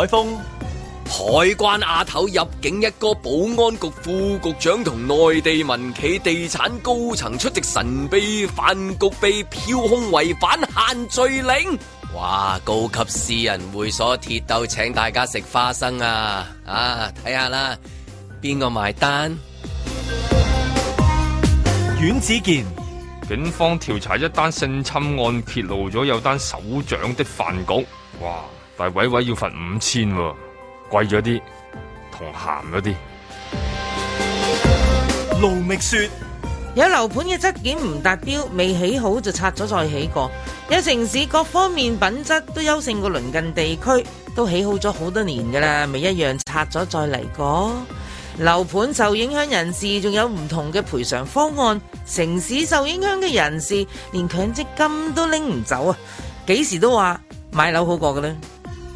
海豐海關阿頭入境，一個保安局副局長同內地民企地產高層出席神秘飯局，被票控違反限聚令。哇！高級私人會所鐵鬥請大家食花生啊！啊，睇下啦，邊個埋單？阮子健，警方調查一單性侵案，揭露咗有單首長的飯局。哇！但位位要罰五千喎，貴咗啲，同鹹咗啲。盧覓說：有樓盤嘅質檢唔達標，未起好就拆咗再起過；有城市各方面品質都優勝過鄰近地區，都起好咗好多年噶啦，咪一樣拆咗再嚟過。樓盤受影響人士仲有唔同嘅賠償方案，城市受影響嘅人士連強積金都拎唔走啊！幾時都話買樓好過嘅呢。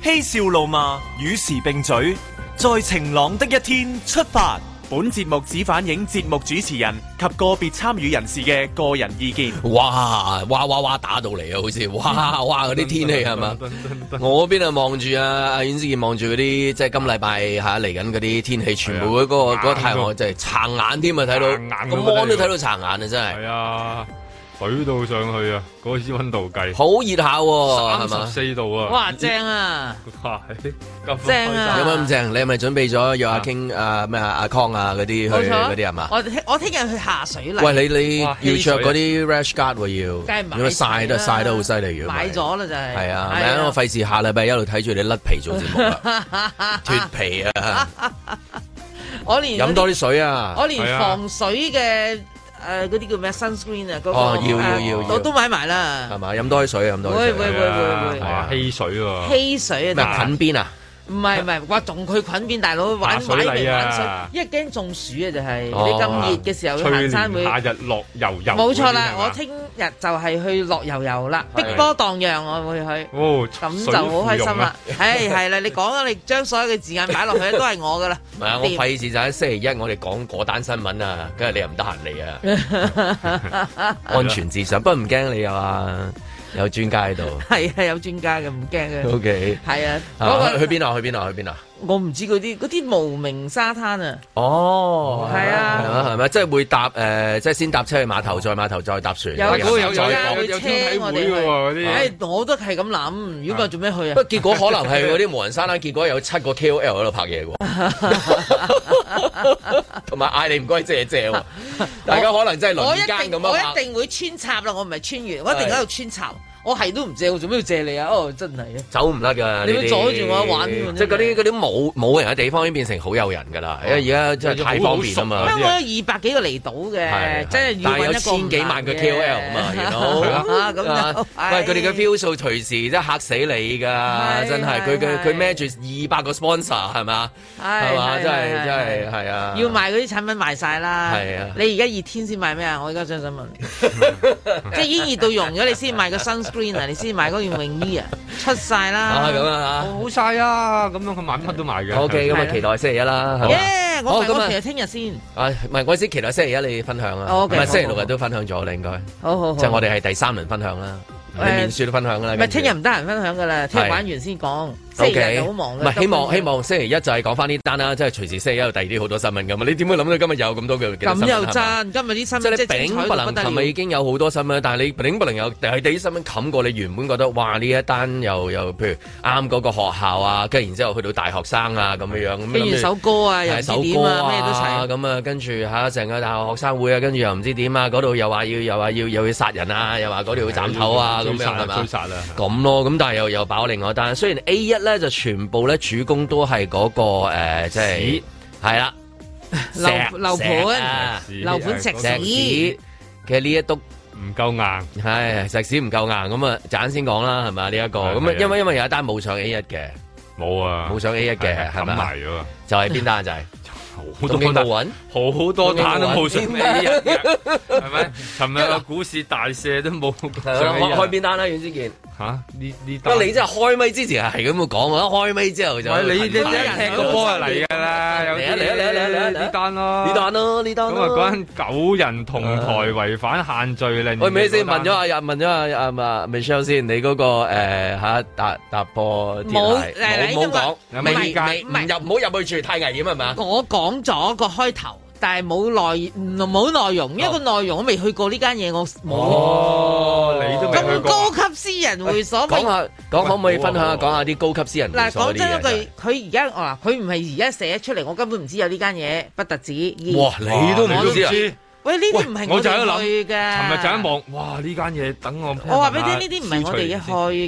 嬉笑怒罵與時並舉，在晴朗的一天出發。本節目只反映節目主持人及個別參與人士嘅個人意見。哇哇哇哇打到嚟 是吧 啊！好似哇哇嗰啲天氣係嘛？我邊就望住啊，尹思健望住嗰啲，即係今禮拜吓嚟緊嗰啲天氣，全部嗰、嗰個嗰、啊嗰個嗰個太陽真係殘眼添啊！睇到個芒都睇到殘眼啊！真係。水度上去嗰啲溫度啊！嗰支溫度計好熱下，三十四度啊！哇，正啊！哇， 咁正啊！有咩咁正？你係咪準備咗約阿 King 啊，咩阿康啊嗰啲去嗰啲係嘛？我我聽日去下水啦。喂，你你要着嗰啲 Rash Guard，啊、要，曬都曬得好犀利。買咗啦，就係，就係。係啊，啊啊我費事下禮拜一路睇住你甩皮做節目啦，啊，脫 皮啊！ 我連飲多啲水啊！我連防水嘅，啊。誒嗰啲叫咩？sunscreen 啊，Sunscreen，嗰個、哦、要，我、啊、都買埋啦，係嘛？飲多啲水，多水啊，飲多啲水啊，係啊，汽水喎，汽水啊，近邊啊？唔係唔係，話仲去菌邊大佬玩水啊！因為驚中暑啊，就係你咁熱嘅時候去、哦、行山會。翠夏日落油油。冇錯啦，我聽日就係去落油油啦，碧波盪漾，我會去。咁、哦、就好開心啦！誒、啊， 係啦，你講啦，你將所有嘅字眼擺落去都係我噶啦。唔啊，我費事就喺星期一我哋講嗰單新聞啊，今日你又唔得閒嚟啊！安全至上，不過唔驚你啊。有專家喺度，係 啊，有專家嘅唔驚嘅。O K，係啊，嗰、uh，去邊啊， 啊？去邊啊？去邊啊？我唔知嗰啲嗰啲無名沙灘啊！哦，係啊，係咪、啊啊啊啊啊、即係會搭誒、呃，即係先搭車去碼頭，再碼頭再搭船，有有有有，有車我哋嘅喎嗰啲。唉、哎，我都係咁諗，如果唔做咩去啊？不過結果可能係嗰啲無人沙灘， 結果有七個 K O L 喺度拍嘢喎，同埋嗌你唔該借借喎。 大家可能真係輪奸咁樣拍，我一定我一定會穿插啦，我唔係穿越，我一定喺度穿插。我係都唔借，我做咩要借你啊？哦、oh,，真係啊，走唔甩噶！你阻住我玩，即係嗰啲啲冇冇人嘅地方，已經變成好有人噶啦！Oh. 因為而家真係太方便啊嘛！香港二百幾個離島嘅，即係但係有千幾萬個 KOL 啊嘛，好啊喂，佢哋嘅 feel 數隨時即係嚇死你噶，是是是真係！佢佢孭住二百個 sponsor 係咪，係嘛，真係真係係啊！要賣嗰啲產品賣晒啦，係啊！你而家熱天先賣咩啊？我而家想想問你， 即係已經熱到融咗你先賣個新。Green 啊，你先買嗰件泳衣啊，出曬啦，好曬啊，咁樣佢晚黑都賣完。O K，咁啊期待星期一啦，耶！我係期待聽日先。啊，唔係，我先期待星期一你分享啊。O K，星期六日都分享咗啦，應該。好好好。即係我哋係第三輪分享啦，我哋面書都分享噶啦。唔係，聽日唔得閒分享噶啦，聽日玩完先講。O.K. 唔係希望，希望星期一就係講翻呢單啦，即係隨時星期一有第二啲好多新聞噶嘛。你點會諗到今日有咁多嘅？咁又真，今日啲新聞即係丙不能，琴日已經有好多新聞，但係你丙不能有第二啲新聞冚過你原本覺得哇，呢一單又又，譬如啱嗰個學校啊，跟住然之後去到大學生啊咁樣樣，跟住首歌啊又首歌啊咩都齊，咁啊跟住嚇成個大學學生會啊，跟住又唔知點啊，嗰度又話要又話要又要，又要殺人啊，又話嗰度要斬頭啊咁樣係咁咯，咁但係又又爆另外一單，雖然 A 一。咧就全部咧主攻都係嗰、那個誒，即係係啦，石樓盤，樓盤石、啊、石屎。其實呢一都唔夠硬，係石屎唔夠硬。咁啊，就啱先講啦，係嘛呢一個。咁啊，因為因為有一單冇上 A 一嘅，冇啊，冇上 A 一嘅，係嘛，就係、是、邊單啊、就是，仔 好多冇搵，好多，多單都冇上 A 一，係咪？尋日個股市大瀉都冇上 A 一，啊，開邊單啦，袁志健。吓？呢呢、啊、你真係開咪之前係咁講，喎，開咪之後就，你就就你踢咗波就嚟噶啦，嚟得嚟嚟呢單咯，呢單咯，呢單。咁啊，關、啊啊、九人同台違反限聚令、uh. 啊。喂、啊，咪先問咗阿阿問咗阿阿 Michelle 先、那個，啊、claire，你嗰、那個誒吓搭搭播，你唔好講，未介唔入，唔好入去住，太危險係嘛？我講咗個開頭。但係冇內唔冇內容，一個內容我未去過呢間嘢，我冇、哦。你都未去過。咁高級私人會所，我、哎、講可唔可以分享下？講下啲高級私人嗱，講真一句，佢而家哦，佢唔係而家寫出嚟，我根本唔知有呢間嘢，不特止。哇，你都唔知啊！喂，呢啲唔係我就落去嘅。尋日就一望，哇！呢間嘢等我。我話俾你聽，呢啲唔係我哋一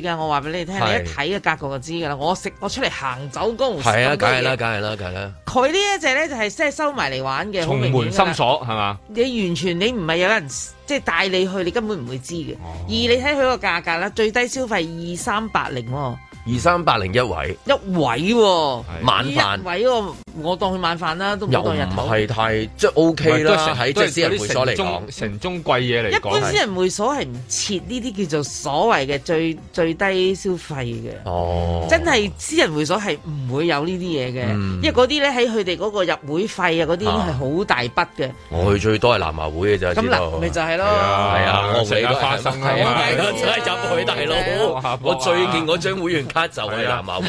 去嘅。我話俾你哋聽，你一睇個格局就知噶啦。我食我出嚟行走江湖、那個。係啊，梗係啦，梗係啦，梗係啦。佢呢一隻咧就係即係收埋嚟玩嘅。從門心鎖係嘛？你完全你唔係有人即係、就是、帶你去，你根本唔會知嘅。而、哦、你睇佢個價格啦，最低消費二三八零。二三百零一位，一位喎、喔、晚飯位喎、喔，我當佢晚飯當日太即、okay、啦，都又唔係太即係 OK 啦，喺即係私人會所嚟，城中貴嘢嚟。一般私人會所係唔設呢啲叫做所謂嘅最最低消費嘅，哦，真係私人會所係唔會有呢啲嘢嘅，因為嗰啲咧喺佢哋嗰個入會費啊嗰啲係好大筆嘅、啊。我去最多係南華會嘅咋，咁嗱咪就係、是、咯，係啊，成日花生、啊。嘅、啊，真係入去大佬、啊啊，我最見嗰張會員。 啊、就係南華會，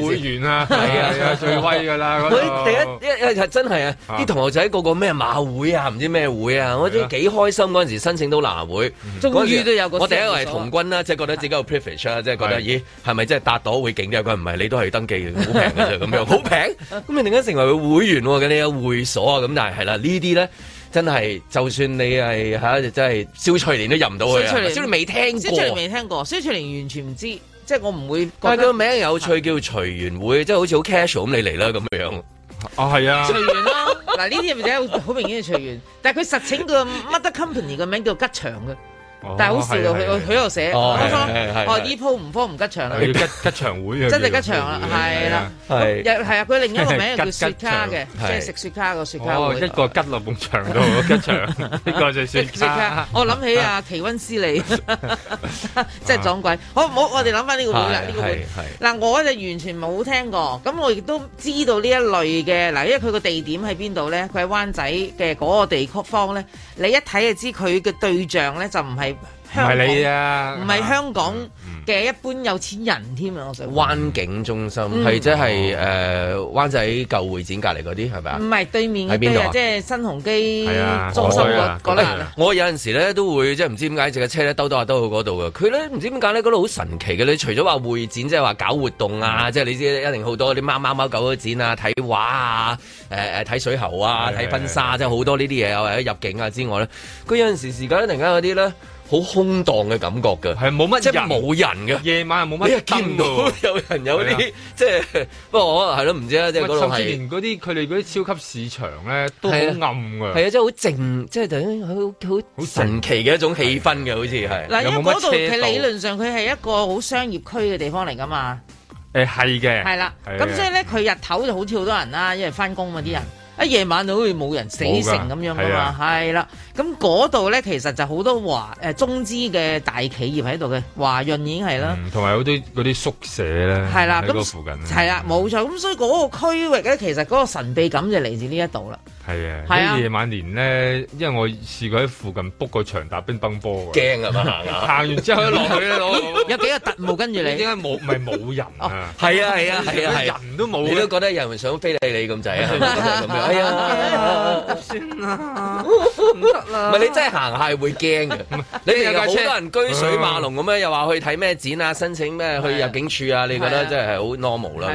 有會員啊，係啊，啊，最威㗎啦！我，我第一真係啊，啲同學仔個個咩馬會啊，唔知咩會啊，是我都幾開心嗰陣時申請到南華會、嗯那個，終於都有個。我第一係童軍啦、啊，即、就是、覺得自己有 privilege 啦、啊，即、就是、覺得是咦，係咪真係達到會勁啲佢唔係你都係登記好平咁樣，好平。咁 你突然間成為個會員啲、啊、會所啊，咁但係係啦，這些呢啲咧真係就算你係嚇，真係蕭翠蓮都入唔到去啊！蕭、就是、翠蓮未聽過，蕭翠蓮完全唔知。即係我唔會，但係佢個名有趣，叫隨緣會，係即係好似好 casual 咁你嚟啦咁樣。啊，係啊，隨緣咯。嗱，呢啲係咪真係好明顯係隨緣？但係佢實請個 mother company 個名叫吉祥嘅。但係好笑啊！佢佢又寫，哦，哦，呢鋪唔科唔吉祥啊！要 吉吉祥會真係吉祥是啊，是是啊，是啊，是啊！係啦，係啊！佢另一個名字叫雪卡嘅，即係食雪卡個雪卡會。哦，一個吉落埲牆度，吉祥，一個就雪卡。我諗起阿、啊、奇溫斯利，真係撞鬼！好唔好？我哋諗翻呢個會啦，呢個會。嗱，我就完全冇聽過，咁我亦都知道呢一類嘅。嗱，因為佢個地點喺邊度咧？佢喺灣仔嘅嗰個地區方咧，你一睇就知佢嘅對象咧就唔係。唔係你啊！唔係香港嘅一般有錢人添啊、嗯！灣景中心係即係誒灣仔舊會展隔離嗰啲係咪啊？唔係對面嘅，即係、就是、新鴻基中心，啊啊啊啊哎、我有陣時咧都會即係唔知點解隻個車咧兜兜下兜去嗰度嘅。佢咧唔知點解咧嗰度好神奇嘅。你除咗話會展即係話搞活動啊，嗯、即係你知一定好多啲貓貓貓狗都展啊、睇畫啊、睇、呃、水喉啊、睇婚紗，即係好多呢啲嘢啊，或者入境啊之外咧，佢有陣時時間突然間嗰啲咧。好空蕩嘅感覺嘅，係冇乜即冇人嘅，夜晚又冇乜，見唔到有人有啲、啊、即係、啊，不過可能係咯，唔知啦，即係嗰度係嗰啲佢哋嗰啲超級市場咧都好暗嘅，係啊，即係好靜，即係等於好好好神奇嘅一種氣氛嘅、啊啊，好似係。嗱，因為嗰度佢理論上佢係一個好商業區嘅地方嚟噶嘛，誒係嘅，係啦，咁所以咧佢、嗯、日頭就好跳多人啦，因為返工嘛啲人。嗯一夜晚就好似冇人死城咁樣噶嘛，係啦、啊，咁嗰度咧其實就好多華誒中資嘅大企業喺度嘅，華潤已經係啦，同埋嗰啲嗰啲宿舍咧喺嗰附近，係啦、啊，冇、啊、錯，咁所以嗰個區域咧，其實嗰個神秘感就嚟自呢一度啦。係啊，喺夜晚連咧，因為我試過喺附近 book 個場打乒乓波嘅，驚啊嘛？行啊，行完之後一落，一落去，有幾個特務跟住你，點解冇？唔係冇人啊？係啊係啊係啊，人都冇，你都覺得有人想非禮你咁滯啊？咁樣，哎呀，算啦，唔得啦。唔係你真係行下係會驚嘅，你又好多人居水馬龍咁樣，又話去睇咩展啊？申請咩去入境處啊？你覺得真係好 normal 啦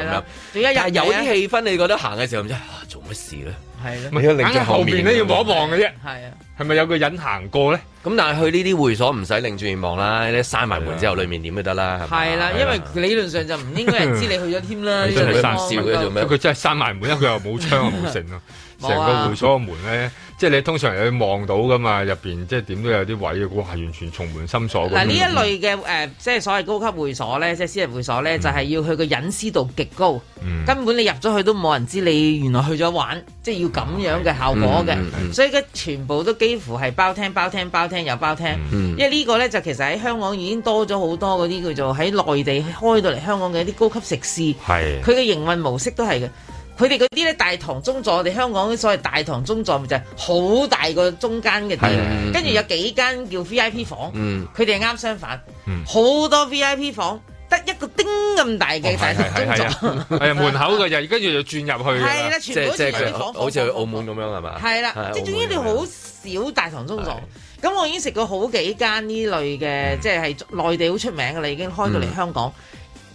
咁樣？但係有啲氣氛，你覺得行嘅時候，做乜事咧？係咯，硬 係樂後面咧要望一望嘅啫。係啊，係咪有個人行過咧？咁但係去呢啲會所唔使擰住望啦，你閂埋門之後裡面點都得啦。係啦，因為理論上就唔應該人知你去咗添啦。 你笑的 你真係閂少嘅做咩？佢真係閂埋門，因為佢又冇窗冇縫啊，成 個會所嘅門咧。 即係你通常有啲望到噶嘛，入面即係點都有啲位，哇！完全重門深鎖嗰嗱呢一類嘅、呃、即係所謂高級會所咧，即係私人會所咧、嗯，就係、是、要佢個隱私度極高，嗯、根本你入咗去都冇人知你原來去咗玩，即係要咁樣嘅效果嘅、啊嗯。所以佢全部都幾乎係包聽、包聽、包聽又包聽，嗯、因為個呢個咧就其實喺香港已經多咗好多嗰啲叫做喺內地開到嚟香港嘅一啲高級食肆，佢嘅營運模式都係嘅。佢哋嗰啲咧大堂中座，我哋香港所謂大堂中座咪就係好大個中間嘅店，跟住有幾間叫 V I P 房，佢哋啱相反，好、嗯、多 V I P 房得一個丁咁大嘅大堂中座，係、哦、啊， 門口嘅就而家要轉入去，係啦，全部好似房房，房，房，房，房，房，房好似去澳門咁樣係嘛，係啦，即係總之你好少大堂中座，咁我已經食過好幾間呢類嘅、嗯，即係係內地好出名嘅啦，你已經開到嚟香港。嗯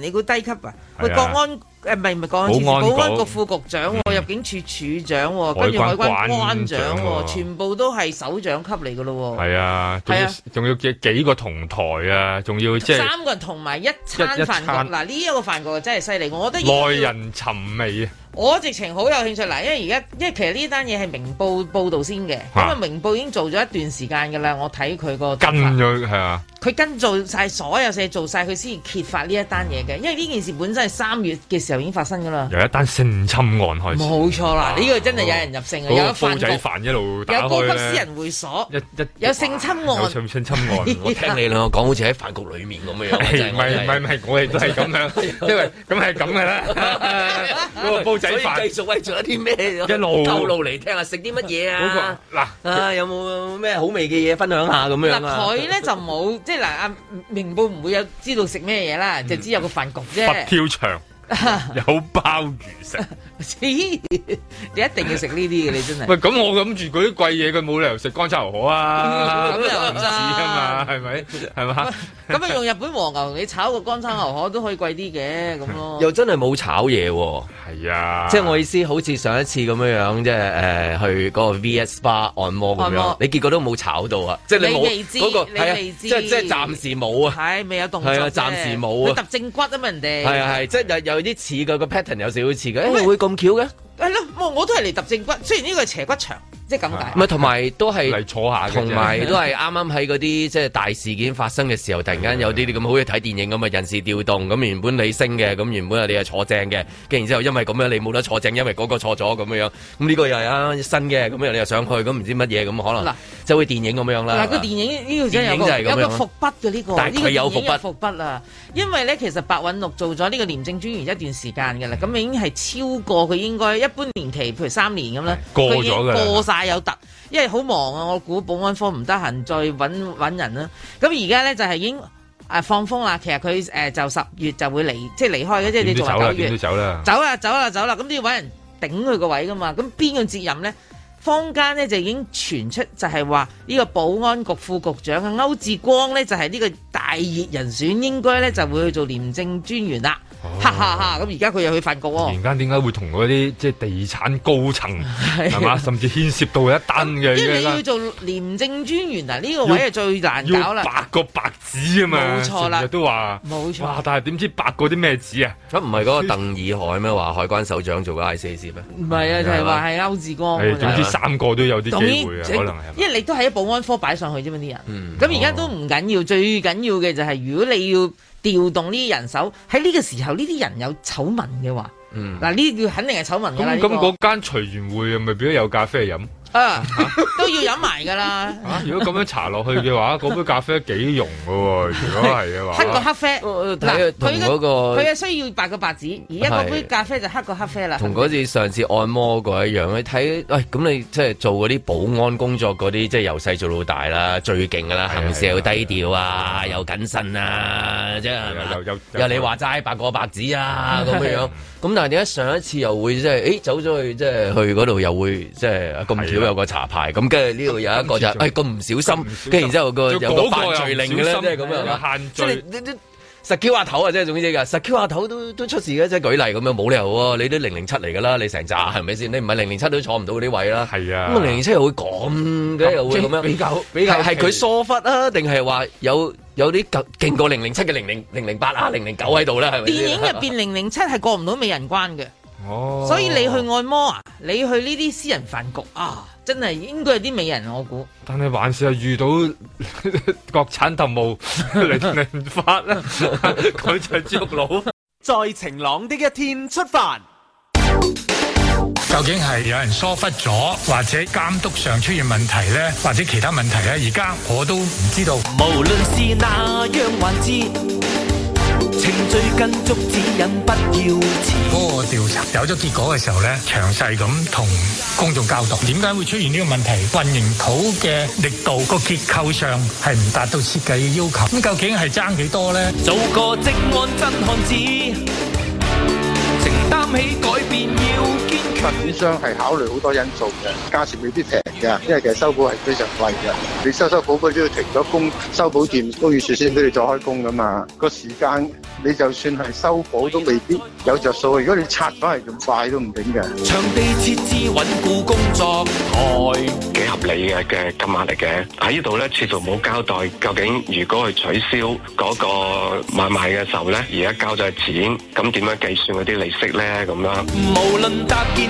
你估低級啊！喂、啊，國安。誒、啊，唔係唔係，保安局保安局副局長、哦，我入境處處長、哦，跟、嗯、住海關關長、哦，全部都係首長級嚟嘅咯。係啊，係啊，仲要幾幾個同台啊，仲要即係、就是、三個人同埋一餐飯局，嗱呢一,一、這個飯局真係犀利。我覺得耐人尋味啊！我直情好有興趣，嗱，因為而家因為其實呢單嘢係明報報導先嘅，因為明報已經做咗一段時間嘅啦，我睇佢個跟咗係啊，佢跟做晒所有嘢，做晒佢先揭發呢一單嘢嘅，因為呢件事本身係三月嘅就已經發生噶啦，由一單性侵案開始，冇錯啦。呢、這個真係有人入性，有一飯煲仔飯一路打開有高級私人會所，有性侵案，有性侵案。 我聽你兩個講，好似喺飯局裏面咁樣樣，唔係唔係唔係，我哋都係咁樣，因為咁係咁噶啦。 個煲仔飯繼續係做一啲咩？ 一路透露嚟聽、啊 啊、有有下，食啲乜嘢啊？嗱，啊有冇咩好味嘅嘢分享下咁樣，佢咧就冇，即係嗱，阿明報唔會有知道食咩嘢啦，就知有個飯局啫。跳、嗯、牆。不有鮑魚食。 你一定要食呢啲嘅，你真係。喂，係咁，我諗住嗰啲貴嘢，佢冇理由食乾炒牛河啊。咁又唔止啊嘛，係 咪？係嘛？咁啊，用日本和牛你炒個乾炒牛河都可以貴啲嘅咁咯。又真係冇炒嘢喎、啊。係啊，即係我意思，好似上一次咁樣樣，即係誒去嗰個 V S Spa 按摩咁樣。你結果都冇炒到啊！即係你，你未知，嗰個係啊，即係即係暫時冇啊。係、哎、未有動作、啊。係啊，暫時冇啊。佢揼正骨啊嘛人哋。係係、啊啊，即係有有啲似佢個 pattern 有少少似嘅，因、欸、為會咁巧嘅，係咯，我我都係嚟揼正骨，雖然呢個係斜骨牆。即係咁解。咪同埋都係坐下，同埋都係啱啱喺嗰啲即係大事件發生嘅時候， 突然間有啲啲咁好似睇電影咁嘅人事調動，咁原本你升嘅，咁原本你係坐正嘅，跟住然之後因為咁樣你冇得坐正，因為嗰個坐咗咁樣，咁呢個又係啊新嘅，咁啊你又上去，咁唔知乜嘢咁可能，就好似電影咁樣啦。嗱個電影呢個真係有個伏筆嘅呢個，但係佢有伏筆啊。因為咧其實白韞六做咗呢個廉政專員一段時間嘅啦，咁已經係超過佢應該一般年期譬如三年咁啦，過咗嘅，過有特，因為好忙啊。我估保安科唔得閒，再搵搵人啦、啊。咁而家咧就係、是、已經誒放風啦。其實佢誒就十月就會離即係離開嘅，即係你做九月。走啦、啊啊，走啦、啊，走啦、啊，走啦，咁都要搵人頂佢個位㗎嘛。咁邊個接任咧？坊間咧就已經傳出就係話呢個保安局副局長啊歐志光咧就係呢個大熱人選，應該咧就會去做廉政專員啦。哈，哈哈哈！咁而家佢又去法國喎？突然間點解會同嗰啲即係地產高層係嘛？甚至牽涉到一單嘅。即 係你要做廉政專員嗱、啊，呢、呢個位係最難搞啦。要八個白紙啊嘛！冇錯啦，都話冇錯。哇！但係點知八個啲咩紙啊？咁唔係嗰個鄧以海咩？話 海關首長做 I C C 咩？唔係啊，就係話係歐志光。係、啊啊啊，總之三個都有啲機會啊，可能係。因為你都喺保安科擺上去啫嘛，啲人。咁而家都唔緊要，哦、最緊要嘅就係如果你要。調動呢啲人手喺呢個時候，呢啲人有醜聞嘅話，嗱，呢啲肯定係醜聞啦。咁咁嗰間隨緣會咪變咗有咖啡飲？啊，都要飲埋噶啦！如果咁樣搽落去嘅話，嗰杯咖啡幾溶㗎喎？如果係嘅話，黑個黑啡嗱，佢、呃、嗰、嗰個佢啊需要白個白紙，而一個杯咖啡就黑個黑啡啦。同嗰次上次按摩過一樣，哎、你睇喂，咁你即係做嗰啲保安工作嗰啲，即係由細做到大啦，最勁㗎啦，行事又低調啊，又謹慎啊，即係又又又你話齋白個白紙啊咁樣樣。咁但係點解上一次又會即係誒走咗去即係、就是、去嗰度又會即係咁巧有個查牌，咁跟住呢度有一個就，哎咁唔小心，跟住然之後個有個犯罪令嘅咧，即係咁樣啦，即係呢啲實 Q 阿頭啊，即係總之噶，實 Q 阿頭都都出事嘅，即係舉例咁樣，冇理由喎，你都零零七嚟噶啦，你成紮係咪先？你唔係零零七都坐唔到嗰啲位啦。係啊，咁啊零零七又會咁嘅，又會咁樣比較比較係佢疏忽啊，定係話有有啲勁勁過零零七嘅零零零零八啊零零九喺度咧？係咪？電影入邊零零七係過唔到美人關嘅。Oh. 所以你去按摩啊？你去呢啲私人飯局啊？Oh, 真係應該係啲美人，我估。但係還是係遇到國產特務你唔發啦，佢就捉佬。在晴朗的一天出發，究竟係有人疏忽咗，或者監督上出現問題呢，或者其他問題咧？而家我都唔知道。無論是哪樣環節。程序跟足指引，不要遲。嗰個調查有咗結果嘅時候咧，詳細咁同公眾交代，點解會出現呢個問題？混凝土嘅力度，個結構上係唔達到設計嘅要求，咁究竟係爭幾多咧？做個職安真漢子，承擔起改變要。發展商係考慮好多因素嘅，價錢未必平嘅，因為其實修補係非常貴嘅。你修修補補都要停咗工，修補店都要事先畀你再開工噶嘛。個時間你就算係修補都未必有着數，如果你拆咗係咁快都唔定嘅。場地設置穩固工作台，幾合理嘅嘅金額嚟嘅。喺呢度咧，似乎冇交代究竟如果係取消嗰個買賣嘅時候咧，而家交咗錢，咁點樣計算嗰啲利息咧？咁樣。無論達見。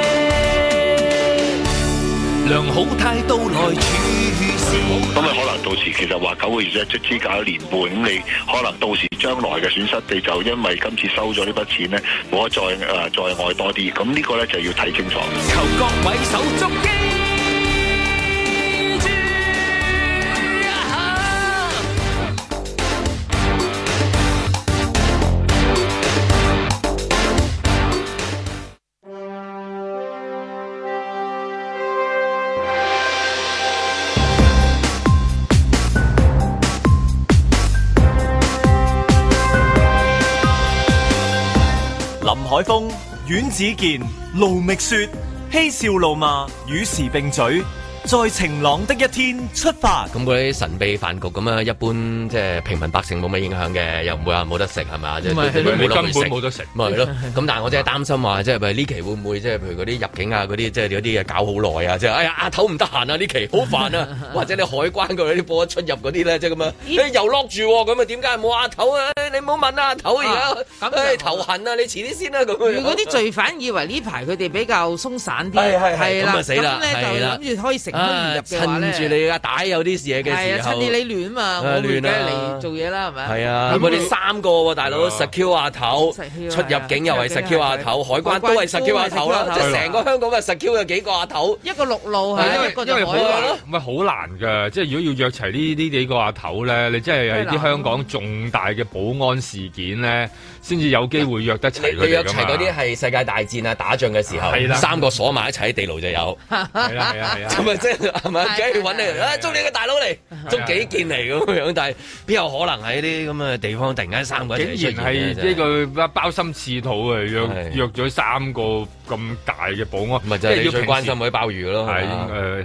良好態度來處事，咁你可能到時其實話九個月啫，即係出資搞一年半，咁你可能到時將來嘅損失，你就因為今次收咗呢筆錢咧，冇得再誒、呃、再捱多啲，咁呢個咧就要睇清楚。求各位手足。子健、盧覓雪嬉笑怒罵與時並嘴。在晴朗的一天出發。咁嗰啲神秘飯局咁啊，一般即係平民百姓冇乜影響嘅，又唔會話冇得食係咪？唔係、就係、根本冇得食。咪係咯。咁但係我真係擔心話，即係呢期會唔會即係譬如嗰啲入境啊，嗰啲即係嗰啲嘢搞好耐啊？即係哎呀，阿頭唔得閒啊，呢期好煩啊。煩 或者你海關嗰啲播出入嗰啲咧，即係咁啊，又 lock 住咁啊，點解冇阿頭啊？你唔好問啦，阿頭而家唉頭痕啊，你遲啲先啦咁。如果啲罪犯以為呢排佢哋比較鬆散啲，係係係啦死啦，諗住可以啊！趁住你阿仔有啲事嘅、啊啊、時候，係啊，襯住你亂嘛，我亂俾你做嘢啦，係咪？係啊，咁我哋三個喎，大佬 secure 阿頭，出入境又係 secure 阿頭，海關都係 secure 阿頭啦，即係成個香港嘅 secure 有幾個阿頭、啊。一個陸路係、啊、一個陸路。唔係好難噶。即係、啊、如果要約齊呢呢幾個阿頭咧，你真係有啲香港重大嘅保安事件咧，先至、啊、有機會約得齊佢㗎。你約齊嗰啲係世界大戰啊，打仗嘅時候、啊，三個鎖埋一齊喺、啊、地牢就有，係係、啊即係係咪？梗係揾你嚟，啊租你個大佬嚟，租幾件嚟咁樣，但係邊有可能喺啲咁嘅地方突然間三個竟然係呢個包心刺肚啊！約約咗三個咁大嘅保安，咪就係、是、你最關心嗰啲鮑魚咯，係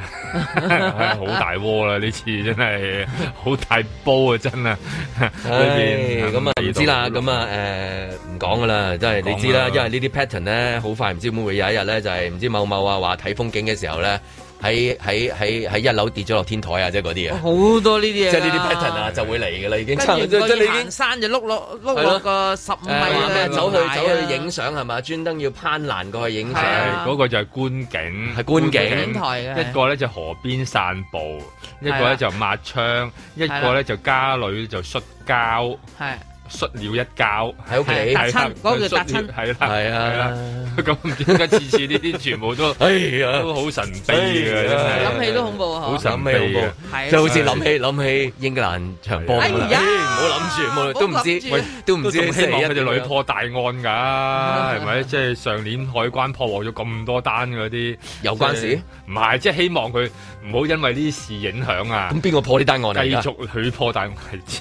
好 大鑊啦！呢次真係好大煲啊！真啊，唉，咁啊唔知啦，咁啊誒唔講噶啦，真、嗯、係、嗯、你知啦、嗯，因為呢啲 pattern 咧、嗯，好快唔知會唔會有一日咧，就係唔知某某啊話睇風景嘅時候咧。喺喺喺喺一樓跌咗落天台啊！即係嗰啲啊，好多呢啲嘢，即係呢啲 pattern 啊，就,是、就,的就會嚟嘅啦，已經跟住嗰啲行山就碌落碌個十米啊，走去走去影相係嘛？專登要攀欄過去影相，嗰、那個就係觀景，係觀景。觀景一個咧就河邊散步，一個咧就是抹窗，是一個咧就是家裏就摔跤。係。摔了一跤喺屋企，摔摔親，係啦，係、那個、啊，咁點解次次呢啲全部都哎呀、 啊，都好神秘嘅？諗起都恐怖啊！好、啊啊啊、神秘嘅、啊，就好似諗起諗、啊啊、起英格蘭場波咁啦。唔好諗住，都唔知都唔知都希望佢哋攞破大案㗎，係咪、啊啊？即係上年海關破獲咗咁多單嗰啲，有關事？唔係，就是、不是即係希望佢唔好因為呢啲事影響啊。咁邊個破呢單案嚟？繼續去破大案，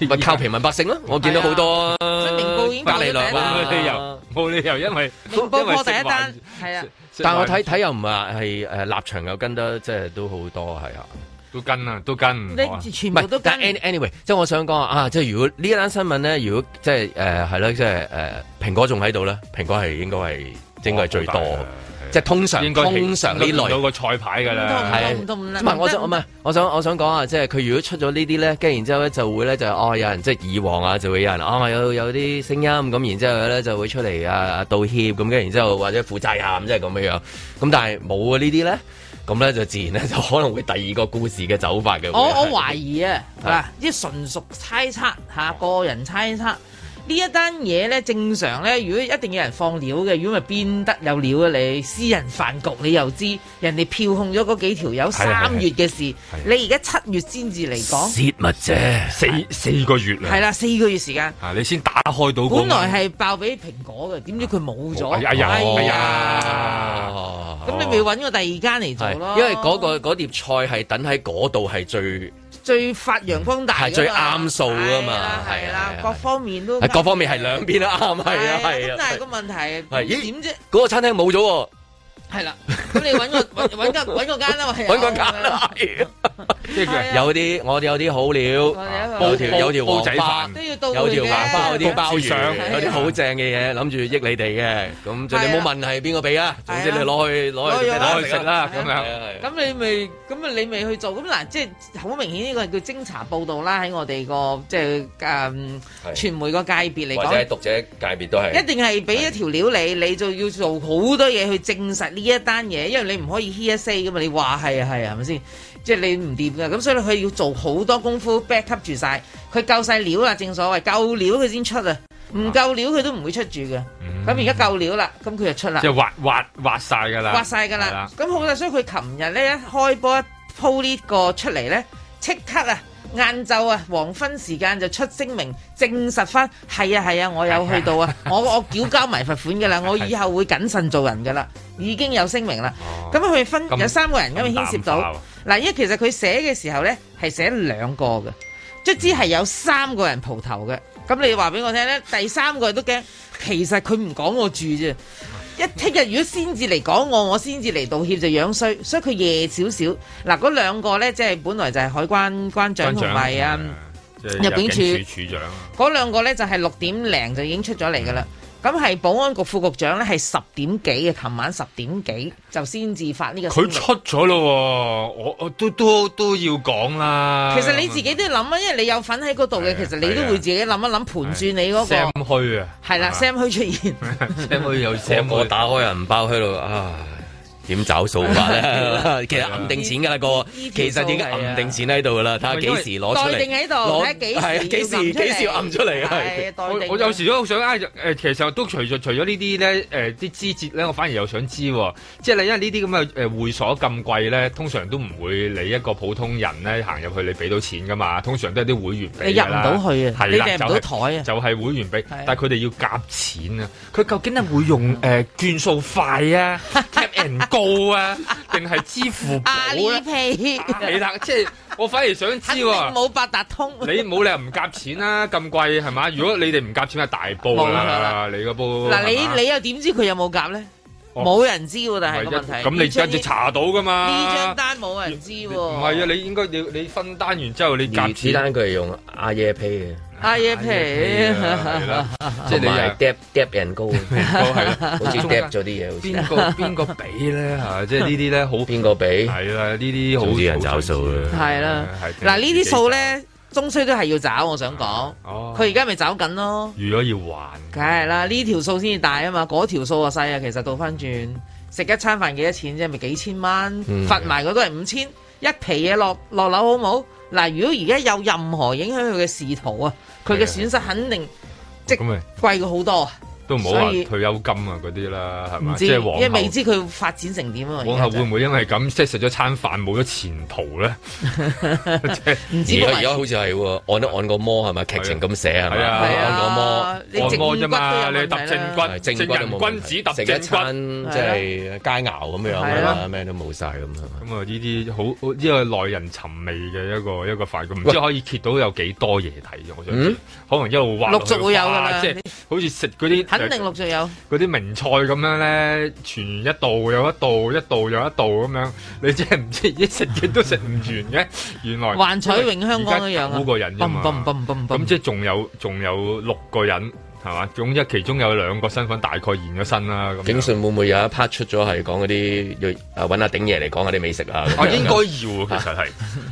咪、啊、靠平民百姓咯？我見到好多是、啊。即、啊、報已隔籬啦，冇理由，冇理由，因為第一單係啊，但係我睇睇又唔係，係誒立場又跟得，即係都好多係啊，都跟啊，都跟了，你全部都跟。但 any, anyway，即係我想講啊，即係如果這一呢一單新聞咧，如果即係誒係啦，即係誒蘋果仲喺度咧，蘋果係應該係應該係最多。即係通常，應該通常呢來到個菜牌嘅啦，唔唔同啦。唔係，我想，唔係，我想，我想講啊，即係佢如果出咗呢啲咧，跟然之後咧就會咧就哦有人即係以往啊，就會有人啊、哦、有有啲聲音咁，然之後咧就會出嚟啊道歉咁，跟然之後或者負責任，即係咁樣樣。咁但係冇啊呢啲咧，咁咧就自然咧就可能會第二個故事嘅走法嘅。我我懷疑啊，嗱，啲純屬猜測嚇，個人猜測。一呢，一單嘢咧，正常咧，如果一定有人放料嘅，如果咪邊得有料啊？你私人飯局，你又知人哋票控咗嗰幾條友三月嘅事，你而家七月先至嚟講洩密啫，四四個月啦，係啦，四個月時間啊，你先打開到、那個、本來係爆俾蘋果嘅，點知佢冇咗，哎呀，哎呀，咁、哎哎哎哎哎哎、你咪搵個第二間嚟做咯，因為嗰、那個嗰碟菜係等喺嗰度係最。最發揚光大係最啱數㗎嘛，係啦、啊啊，各方面都係、啊、各方面係兩邊都啱，係啊係啊，真係、啊啊啊啊啊啊啊、個問題點啫？嗰、啊嗰個餐廳冇咗喎，係啦、啊，咁你揾個揾揾間揾個間啦，揾、啊、個間啦。哦。即 係有啲，我哋有啲好料，有條有條煲仔飯有條包啲包上，有啲好正嘅嘢，諗住益你哋嘅。咁就你冇問係邊個俾啊，總之你攞去攞去攞去食啦。咁樣，咁你咪咁啊？啊啊啊啊啊啊你咪去做咁嗱，即係好明顯呢、這個叫偵查報道啦。喺我哋個即係誒傳媒個界別嚟講，或者讀者界別都係一定係俾一條料你、啊，你就要做好多嘢去證實呢一單嘢，因為你唔可以 hear say 㗎嘛。你話係係係咪先？即係你唔掂㗎。咁所以佢要做好多功夫 back up 住晒。佢夠晒料啦，正所謂夠料佢先出啊，唔夠料佢都唔會出住嘅。咁而家夠料啦，咁佢就出啦。即係挖挖晒㗎啦！挖晒㗎啦！咁好啦，所以佢琴日咧一開波一鋪呢個出嚟咧，即刻啊晏晝啊黃昏時間就出聲明，證實翻係啊係啊，我有去到啊，我我繳交埋罰款㗎啦，我以後會謹慎做人㗎啦，已經有聲明啦。咁、哦、佢分有三個人咁牽涉到。嗱，因為其實佢寫嘅時候呢，係寫兩個嘅，即係只係有三個人蒲頭嘅。咁你話俾我聽呢，第三個人都驚，其實佢唔講我住啫。一聽日如果先至嚟講我，我先至嚟道歉就樣衰，所以佢夜少少。嗱、啊，嗰兩個咧，即係本來就係海關關長同埋啊、就係、入境入境處處長，嗰兩個咧就係六點零就已經出咗嚟㗎喇。嗯咁係保安局副局長咧，係十點幾嘅，琴晚十點幾就先至發呢個。佢出咗咯，我我都都都要講啦。其實你自己都諗啊，因為你有份喺嗰度嘅，其實你都會自己諗一諗盤住你嗰，那個。心虛啊！係啦，心虛出現，心 虛又成個 打開人包喺度。啊！點找數法咧？ 其實揞定錢噶啦個，其實已經揞定錢喺度噶啦。睇下幾時攞出定喺度。睇下幾時幾時揞出嚟？啊，我有時都想唉，其實都，哎呃、除咗除咗呢啲咧，誒、呃，啲枝節，咧，我反而又想知，即係你因為呢啲咁嘅誒會所咁貴咧，通常都唔會你一個普通人咧行入去，你俾到錢噶嘛？通常都係啲會員，俾你入唔到去啊？你訂唔到台啊？就係會員俾，但係佢哋要夾錢啊！佢究竟係會用誒券數快啊？高啊，定係支付寶屁、啊！你 睇、啊，即 係、啊、我反而想知喎。冇 八達通，你冇理由唔夾錢啦、啊，咁 貴係嘛？如果你哋唔夾錢部了，係大煲啦，你個煲！嗱，你你又點知佢有冇夾咧？冇、哦、人知喎，但係個問題咁你跟住查到噶嘛？呢張單冇人知喎、啊。唔係啊，你應該你你分單完之後你錢，你夾。此單佢係用阿里屁。嘅、啊。Yeah, 阿呀皮，即、啊、係、啊啊啊啊就是、你又 debt debt 人高，邊、啊、係、啊？好似 debt 咗啲嘢，好似邊個邊個俾咧？吓，即係呢啲咧好，邊個俾？係啦，呢啲好少人找數嘅。係啦，嗱呢啲數咧終須都係要找。我想講，佢而家咪找緊咯。如果要還，梗係啦，呢條數先至大啊嘛，嗰條數啊細啊。其實倒翻轉，食一餐飯幾多錢啫？咪幾千蚊，罰埋佢都係五千。一皮嘢落落樓好冇？嗱，如果而家有任何影響佢嘅仕途啊，佢嘅損失肯定即係貴過好多啊。都唔好話退休金啊嗰啲啦，係咪？即係往後，一未知佢發展成點啊？往、就係、後會唔會因為咁即係食咗餐飯冇咗前途咧？而家而家好似係按一按個摩係咪？劇情咁寫啊？係啊，按個摩按摩啫嘛，你揼正骨正骨，君子揼正骨，即係街熬咁樣啦，咩都冇晒咁啊！咁啊，呢啲、啊、好呢一個耐人尋味嘅一個一個塊，唔知可以揭到有幾多嘢睇我想、嗯。可能一路畫陸續會有噶啦，即係好似食嗰啲。肯定陸續有，嗰啲名菜咁樣咧，全一道又一道，一道又一道咁樣，你真係唔知一食嘢都食唔完嘅。原來，幻彩永香港一樣啊！好個人噶嘛，咁即係仲有仲有六個人。係嘛？總之其中有兩個身份大概現咗身啦。咁警訊會唔會有一 part 出咗係講嗰啲要揾阿鼎爺嚟講下啲美食 啊？啊應該要喎，其實係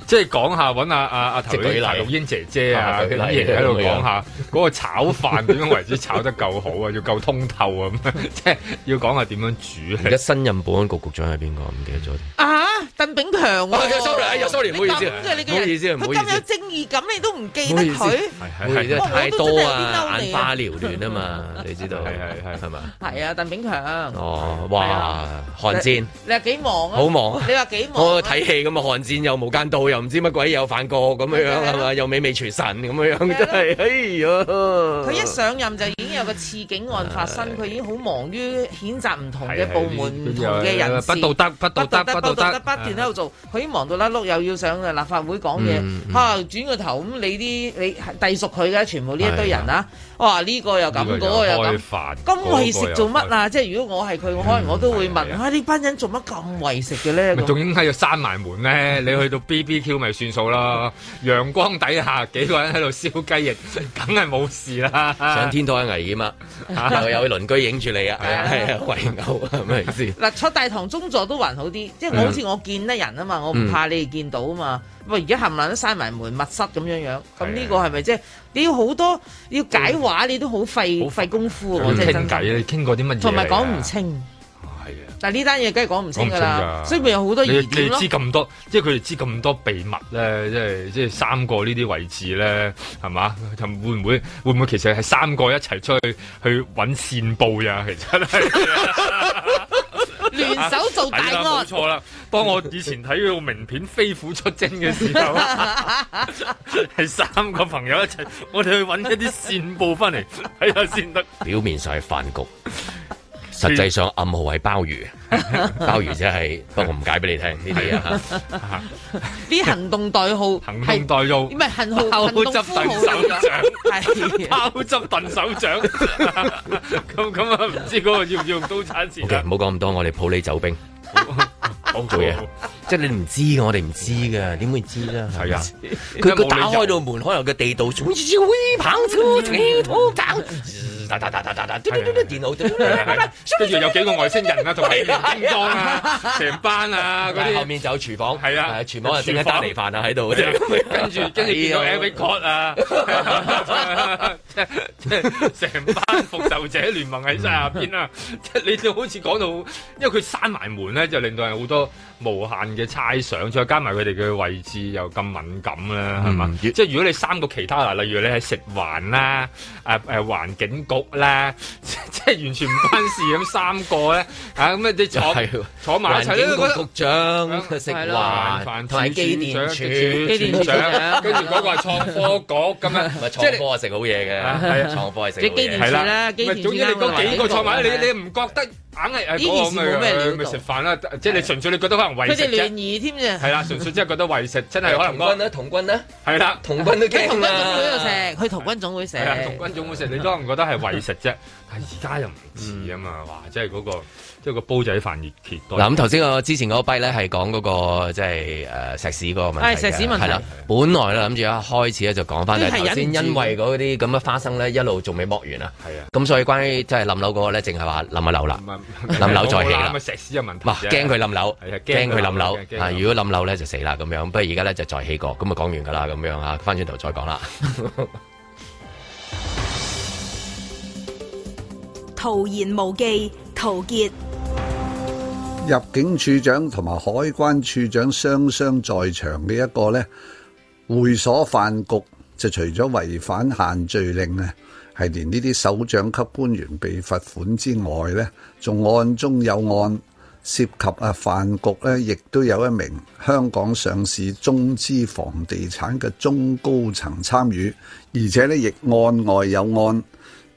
即係講下揾阿阿阿頭嗰啲大英姐姐啊啲嘢喺度講下嗰個、啊嗯嗯嗯嗯嗯嗯嗯、炒飯點樣為之炒得夠好啊？ 要夠通透啊！即係要講下點樣煮而家新任保安局局長係邊個？唔記得咗啊？鄧炳強啊！sorry sorry，唔好意思，即、哎、意思即係唔咁有正義感，你都唔記得佢？係太多啊！眼花 道嗎 啊嘛、uh,，你知道？係係係，係嘛？係啊，鄧炳強。哦，哇！寒戰。你話幾忙啊？好忙啊！你話幾忙、啊？我睇戲咁啊！寒戰又無間道又唔知乜鬼又反過咁、 啊、樣樣係嘛？又美美除神咁樣樣，真係哎呀！佢一上任就已經有個次警案發生， 佢、啊、已經好忙於譴責唔同嘅部門、 唔、啊啊、同嘅人、啊、不道德，不道德，不道德，不斷喺度做，佢已經忙到甩碌，又要上立法會講嘢。哈！轉個頭咁，你啲你隸屬佢嘅，全部呢一堆人啊！哇、啊！呢、這個又咁，嗰、這個這個又咁，咁為食做乜啊？即係如果我係佢，我可能我都會問：啊，呢、啊啊、班人做乜咁為食嘅咧？仲應該喺度閂埋門咧？ 你去到 BBQ 咪算數咯？陽光底下幾個人喺度燒雞翼，梗係冇事啦。上天台危險啊！ 又有鄰居影住你啊！係 啊、哎，圍牛啊，係咪先？嗱、哎， 坐大堂中座都還好啲、嗯，即係好似我見得人啊嘛，我唔怕你哋見到啊嘛。嗯嗯喂，而家冚唪唥都閂埋門密室咁樣樣，咁呢個係咪即係你要好多你要解畫，你都好費好費功夫啊！傾偈啊，你傾過啲乜嘢？同埋講唔清，係啊！但係呢單嘢梗係講唔清㗎啦、啊，所以咪有好多疑點咯。你，你哋知咁多，即係佢哋知咁多秘密咧，即係即係三個呢啲位置咧，係嘛？就會唔會會唔會其實係三個一齊出去去揾線報呀、啊？其實係。 聯 手做大我錯啦！當我以前睇到名片飛虎出征嘅時候，係 三個朋友一齊，我哋去揾一啲線報翻嚟睇下先得。表面上係飯局。 實際上暗號係鮑魚，鮑 魚真、就、係、是，不過我唔解俾你聽呢啲啊。啲、啊、行，行動代號，是是行，號行動代號咩？行動刀執盾手掌，刀執盾手掌。咁咁啊？唔知嗰個要唔要用刀鏟先，唔好講咁多，我哋抱你走兵，講做嘢，即係你唔知噶，我哋唔知噶，點會知咧？係 啊。佢佢打開到門，可能個地道已已滂出泥土漿。 打打電腦，跟住有幾個外星人啊，同埋叮當啊，成、啊、班啊嗰啲、啊。後面就有廚房，係啊，全部係煮緊咖喱飯啊喺度。跟住跟住見到 Avi c 啊，里啊在啊成啊 班復仇者聯盟喺晒下邊啦。即 係你就好似講到，因為佢閂埋門咧，就令到係好多無限嘅猜想。再加埋佢哋嘅位置又咁敏感啦，係、嗯、嘛？即係如果你三個其他啊，例如你喺食環啦，誒、啊、誒、啊、環境局咧，即係完全唔關事咁，三個咧，吓咁啊，啊你坐、就是、坐埋一齊咯。環境局局長佢食飯，機電處處長，跟住嗰個係創科局咁啊，咪創科係 食好嘢嘅，係創科係食。即、就、係、是、基啦，基總之。你啊，幾個坐埋，你你唔覺得硬係係咁嘅樣？食飯啦，即係你純、就是、粹你覺得可能為食啫。佢聯誼添啫。係啦，純粹即係覺得為食，真係可能。同軍咧，同軍咧，係啦，同軍都驚啦。同軍總會食，去同軍總會食。係啊，同軍總會食，你都唔覺得係。喂食啫，但係而家又唔似啊嘛，話，即係嗰個，即係個煲仔飯熱熱。嗱咁頭先我之前嗰個 by 咧係講嗰個即係誒石屎嗰個問題，石屎問題，係啦。本來咧諗住一開始咧就講翻，但係先因為嗰啲咁嘅花生咧一路仲未剝完啊，係啊。咁所以關於即係冧樓嗰個咧，淨係話冧一樓啦，冧樓再起啦。石屎有問題。唔係。驚佢冧樓，係啊驚佢冧樓啊！如果冧樓咧就死啦咁樣，不如而家咧就再起過，咁啊講完㗎啦咁樣嚇，翻轉頭再講啦。陶言無忌，陶傑，入境處長同埋海關處長雙雙在場嘅一個咧會所飯局，就除咗違反限聚令咧，係連呢啲首長級官員被罰款之外咧，仲案中有案，涉及啊飯局咧，亦都有一名香港上市中資房地產嘅中高層參與，而且咧亦案外有案。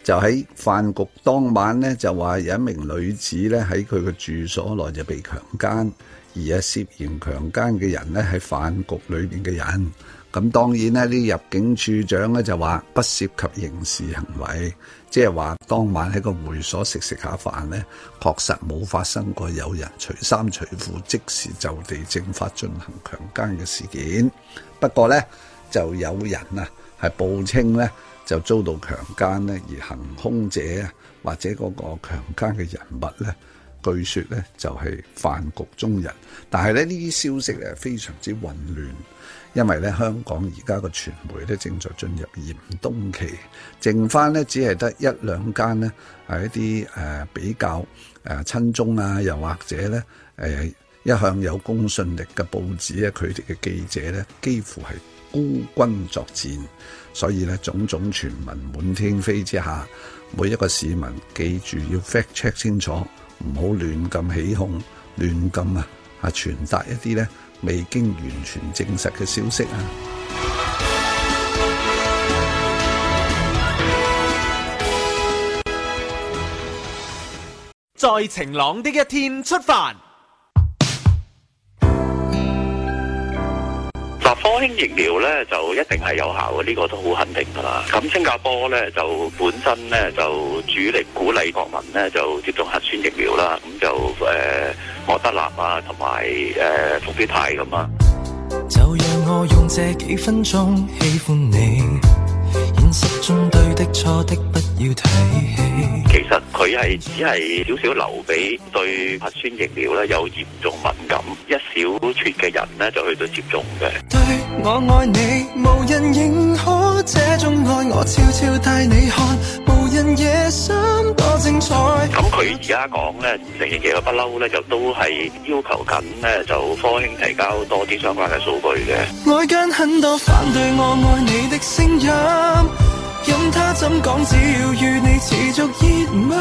就喺飯局當晚咧，就話有一名女子咧喺佢嘅住所內就被強奸，而係涉嫌強奸嘅人咧喺飯局裏面嘅人。咁當然咧，呢入境處長咧就話不涉及刑事行為，即係話當晚喺個會所食食下飯咧，確實冇發生過有人除衫除褲即時就地正法進行強奸嘅事件。不過咧，就有人啊係報稱咧。就遭到強奸咧，而行兇者啊，或者嗰個強奸嘅人物咧，據說咧就係飯局中人。但係咧，呢啲消息咧非常之混亂，因為咧香港而家嘅傳媒咧正在進入嚴冬期，剩翻咧只係得一兩間咧係一啲誒比較誒親中啊，又或者咧誒一向有公信力嘅報紙咧，佢哋嘅記者咧幾乎係孤軍作戰。所以咧，種種傳聞滿天飛之下，每一個市民記住要 fact check 清楚，唔好亂咁起哄、亂咁啊，啊傳達一啲咧未經完全證實嘅消息啊！在晴朗的一天出發。科興疫苗咧就一定係有效嘅，呢、這個都好肯定㗎啦。咁新加坡咧就本身咧就主力鼓勵國民咧就接種核酸疫苗啦，咁就誒莫、呃、德納啊，同埋誒復必泰咁啊。就讓我用這幾分鐘喜歡你的不要提起其實佢係只係少少留俾，對核酸疫苗呢有嚴重敏感一小撮嘅人呢，就去到接種嘅。對，我愛你，無人認可這種愛，我悄悄帶你看，無人夜深多精彩。咁佢而家講呢，成日嘅不嬲呢，就都係要求緊呢，就科興提交多啲相關嘅數據嘅。外間很多反對我愛你的聲音。任他怎講，只要與你持續熱吻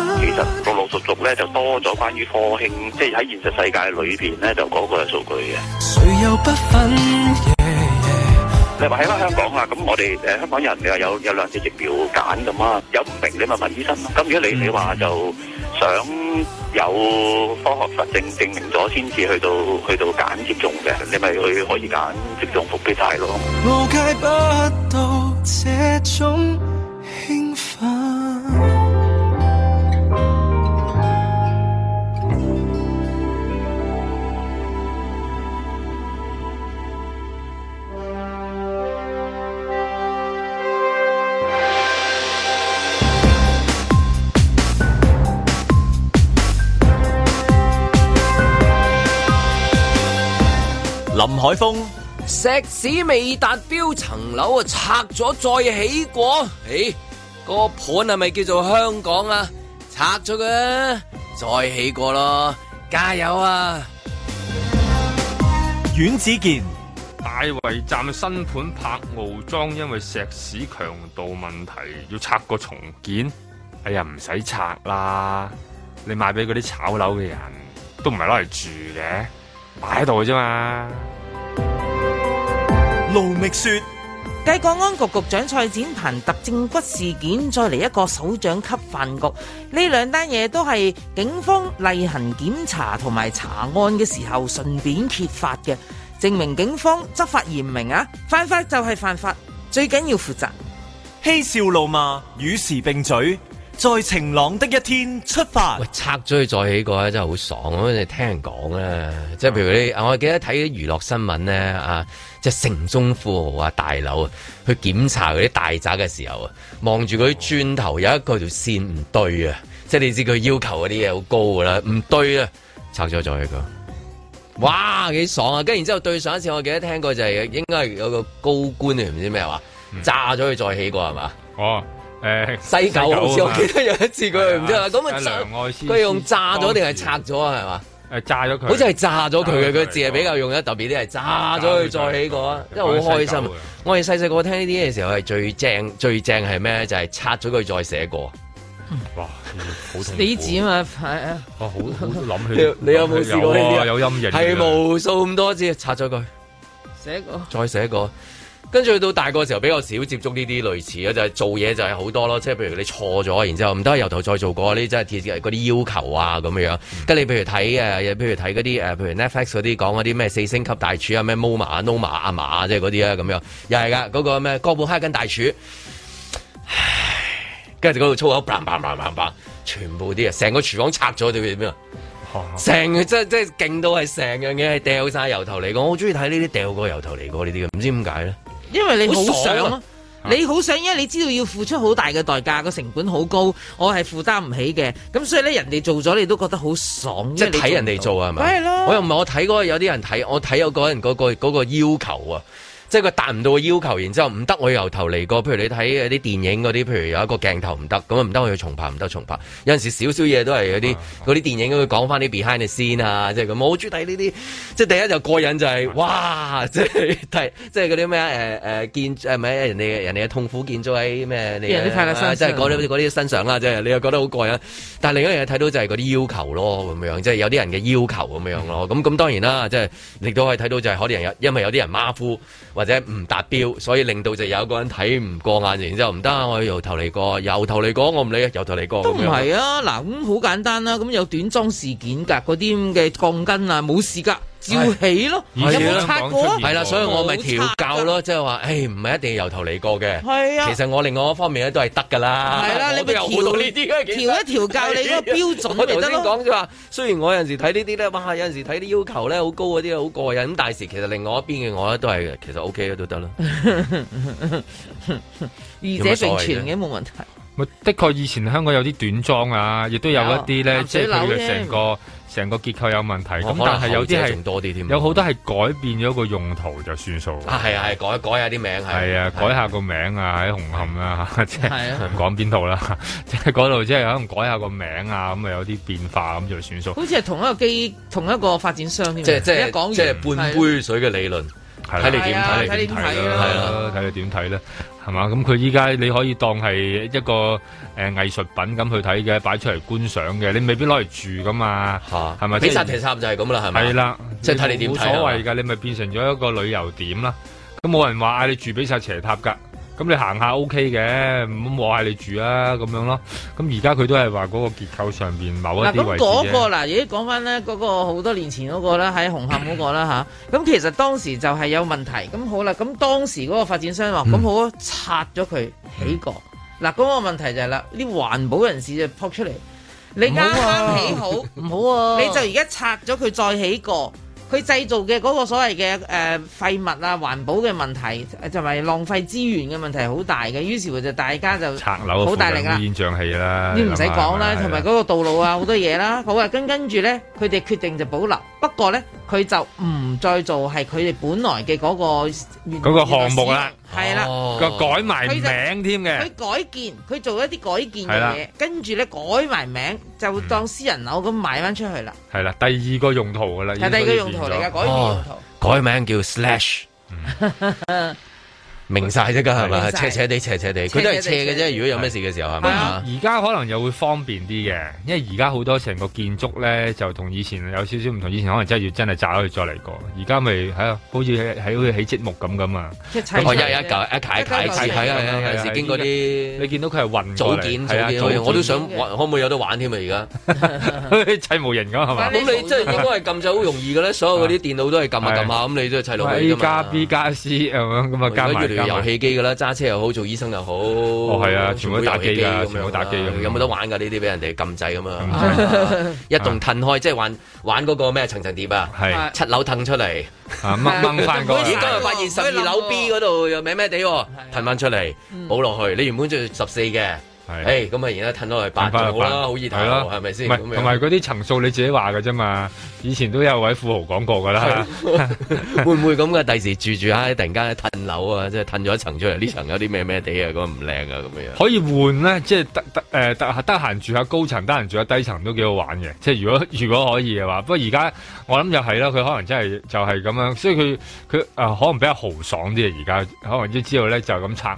其實陸陸續續咧就多咗關於科興，即係喺現實世界裏邊咧就嗰個數據嘅。你話喺返香港啊，咁我哋誒香港人你話有有兩隻疫苗揀，咁啊，有唔明你咪問醫生咯。咁如果你你話就想有科學實證證明咗先至去到去到揀接種嘅，你咪去可以揀接種復必泰咯。無林海峰，石屎未達標層樓，層樓啊，拆咗再起過，誒、欸個盤係咪叫做香港啊？拆咗佢，再起過咯，加油啊！阮子健，大圍站新盤柏傲莊，因為石屎強度問題要拆過重建，哎呀唔使拆啦，你賣俾嗰啲炒樓嘅人都唔係攞嚟住嘅，擺喺度啫嘛。勞覓說，繼國安局局長蔡展鵬特正骨事件，再嚟一個首長級飯局。呢兩單嘢都係警方例行檢查同埋查案嘅時候順便揭發嘅，證明警方執法嚴明啊！犯法就係犯法，最緊要負責。嬉笑怒罵，與時並舉。在晴朗的一天出發，拆咗佢再起過真係好爽啊。我哋聽人講咧，嗯，即係譬如你，我記得睇啲娛樂新聞呢，啊，即係城中富豪啊，大樓啊，去檢查嗰啲大宅嘅時候啊，望住佢啲磚頭，哦，有一個條線唔對啊，即係你知佢要求嗰啲嘢好高噶啦，唔對啊，拆咗再起過，哇，幾爽啊！跟住然之後對上一次，我記得聽過就係、係、應該有個高官啊，唔知咩話、嗯、炸咗佢再起過係嘛？哦。西、欸、九好似我記得有一次佢唔、啊、知啦，咁啊炸，佢用炸咗定係拆咗啊？係嘛？誒，炸咗佢，好似係炸咗佢嘅佢字，比較用得特別啲，係炸咗佢再，再，再起過，因為好開心。的我哋細細個聽呢啲嘅時候係最正，最正係咩？就係、是、拆咗佢再寫過，哇，好、啊、痛苦 啊嘛，好諗起 你，你有冇試過呢啲？有陰影係無數咁多字，拆咗佢，寫過，再寫過。跟住到大個嘅時候，比較少接觸呢啲類似啊，就係、是、做嘢就係好多咯。即、就、係、是、譬如你錯咗，然之後唔得，由頭再做過呢，即係貼嘅嗰啲要求啊咁樣。跟住你譬如睇誒、呃，譬如睇嗰啲誒，譬如 Netflix 嗰啲講嗰啲咩四星級大廚 Moma、Noma，啊，咩 Moma No Ma 啊、Ma、就、啊、是，即係嗰啲啊咁樣，又係噶嗰個咩哥本哈根大廚，跟住就喺度粗口，啪啪啪啪啪，全部啲啊，成個廚房拆咗對佢點樣啊？成即係即係勁到係成樣嘢係掉晒由頭嚟講，我好中意睇呢啲掉過由頭嚟過呢啲嘅，唔知點解咧？因為你好想咯、啊，你好想，因為你知道要付出好大嘅代價，個成本好高，我係負擔唔起嘅，咁所以咧人哋做咗你都覺得好爽、啊，即係睇人哋做係咪、係咯。我又唔係我睇嗰個有啲人睇，我睇有嗰人嗰個嗰個要求啊。即係佢達唔到個要求，然之後唔得，我由頭嚟過。譬如你睇嗰啲電影嗰啲，譬如有一個鏡頭唔得，咁啊唔得，我要重拍，唔得重拍。有陣時少少嘢都係嗰啲啲電影會講翻啲 behind the scene 啊，即係咁。我好睇呢啲，即係第一就過癮就係哇！即係即係嗰啲咩誒誒建誒人哋人哋嘅痛苦建築喺咩？即係嗰啲嗰啲身上啦，即係你又覺得好過癮。但係另一樣嘢睇到就係嗰啲要求咯，咁樣即係有啲人嘅要求咁樣咯。咁、嗯、咁當然啦，即係你都可以睇到就係可能有因為有啲人馬虎啫，唔達標，所以令到就有一個人睇唔過眼，然之後唔得啊！我由頭嚟過，由頭嚟過，我唔理啊，由頭嚟過都唔係啊！嗱，咁好簡單啦，啊，咁有短裝事件噶，嗰啲嘅鋼筋啊，冇事噶。照起咯，有冇拆過？係啦，所以我咪調教咯，即係話，誒，唔係一定要由頭嚟過嘅。係啊，其實我另外一方面咧都係得噶啦。係啦，你咪調到呢啲，調一調教你個標準咪得咯。我頭先講咗話，雖然我有陣時睇呢啲咧，哇，有陣時睇啲要求咧好高嗰啲啊，好過癮。咁但係其實另外一邊嘅我咧都係，其實 O K 嘅都得啦。二者並存嘅冇問題。咪的確以前香港有啲短裝啊，亦都有一啲咧，即係佢嘅成個。成個結構有問題，咁、哦、但係有啲係有好多係改變咗個用途就算數。啊，係啊，係改改下啲名係啊，改，改下個名係啊，喺、啊啊啊、紅磡啦，即係講邊度啦，即係嗰度即係可能改下個名啊，咁咪、啊 啊 啊、有啲變化咁就算數。好似係同一個機，同一個發展商啫。即係即係即係半杯水嘅理論，睇、啊啊、你點睇、啊、你點睇啦，睇、啊啊、你點睇咧。係嘛？咁佢依家你可以當係一個誒藝術品咁去睇嘅，擺出嚟觀賞嘅，你未必攞嚟住噶嘛。吓，係咪？比薩斜塔就係咁啦，係咪？係啦，即係睇你點睇。冇所謂噶，你咪變成咗一個旅遊點啦。咁冇人話嗌你住比薩斜塔噶。咁你行下 O K 嘅，咁我嗌你住啊，咁樣咯。咁而家佢都係話嗰個結構上邊某一啲位置嘅。嗱，咁嗰個嗱，咦，講翻咧嗰個好多年前嗰、那個咧喺紅磡嗰、那個啦吓。咁 其實當時就係有問題。咁好啦，咁當時嗰個發展商話，咁、嗯、好啊，拆咗佢起過。嗱、嗯，嗰、那個問題就係、是、啦，啲環保人士就撲出嚟，、啊，你啱啱起好，唔 好啊，你就而家拆咗佢再起過。佢製造嘅嗰個所謂嘅誒、呃、廢物啊，環保嘅問題同埋浪費資源嘅問題好大嘅，於是乎就大家就拆樓好大力啊，烏煙瘴氣啦，你唔使講啦，同埋嗰個道路啊好 多嘢啦、啊，好啊，跟跟住咧，佢哋決定就保留，不過咧佢就唔再做係佢哋本來嘅嗰、嗰個嗰、嗰個啊、項目啦。係啦，佢改埋名添嘅，佢改建，佢做一啲改建嘅嘢，跟住咧改埋名，就當私人樓咁賣翻出去啦。係啦，第二個用途噶啦，第二個用途嚟噶，改建用途，改名叫 Slash。明晒啫㗎，係嘛？斜斜地，斜地，斜斜地，佢都係斜嘅啫。如果有咩事嘅時候，係咪？而家可能又會方便啲嘅，因為而家好多成個建築咧，就同以前有少少唔同。以前可能真係要真係炸開去再嚟過，而家咪好似喺好似起積木咁咁啊！我一一嚿一踩一係啊係啊，尤其是經過啲你見到佢係雲組件組件、件，我都想玩，可唔可以有得玩添啊？而家砌模型咁係嘛？咁你真係應該係撳就好容易嘅咧，所有嗰啲電腦都係撳下撳下，咁你都係砌落去啫。遊戲機噶啦，揸車又好，做醫生又好。哦，係啊，全部都打機㗎，全部都打機啊，咁樣啊，有冇得玩噶？呢啲俾人哋禁制啊嘛，一棟褪開，即係玩玩嗰個咩層層疊啊，係七樓騰出嚟啊，掹掹、啊、 翻個。咦、 哎，今日發現十二樓 B 嗰度又咩咩地喎，騰翻出嚟補落去，嗯，你原本就十四嘅。係，咁啊，而家褪落去扮就好啦，好易睇，係咪先？同埋嗰啲層數你自己話㗎啫嘛。以前都有位富豪講過噶啦， 會唔會咁嘅？第時住住下，突然間褪樓啊，即係褪咗一層出嚟，呢層有啲咩咩地啊，咁唔靚啊，咁樣。可以換咧，即係得得誒得閒住下高層，得閒住下低層都幾好玩嘅。即係如果如果可以嘅話，不過而家我諗又係啦，佢可能真係就係咁樣，所以佢佢誒可能比較豪爽啲啊。而家可能都知道咧，就咁拆，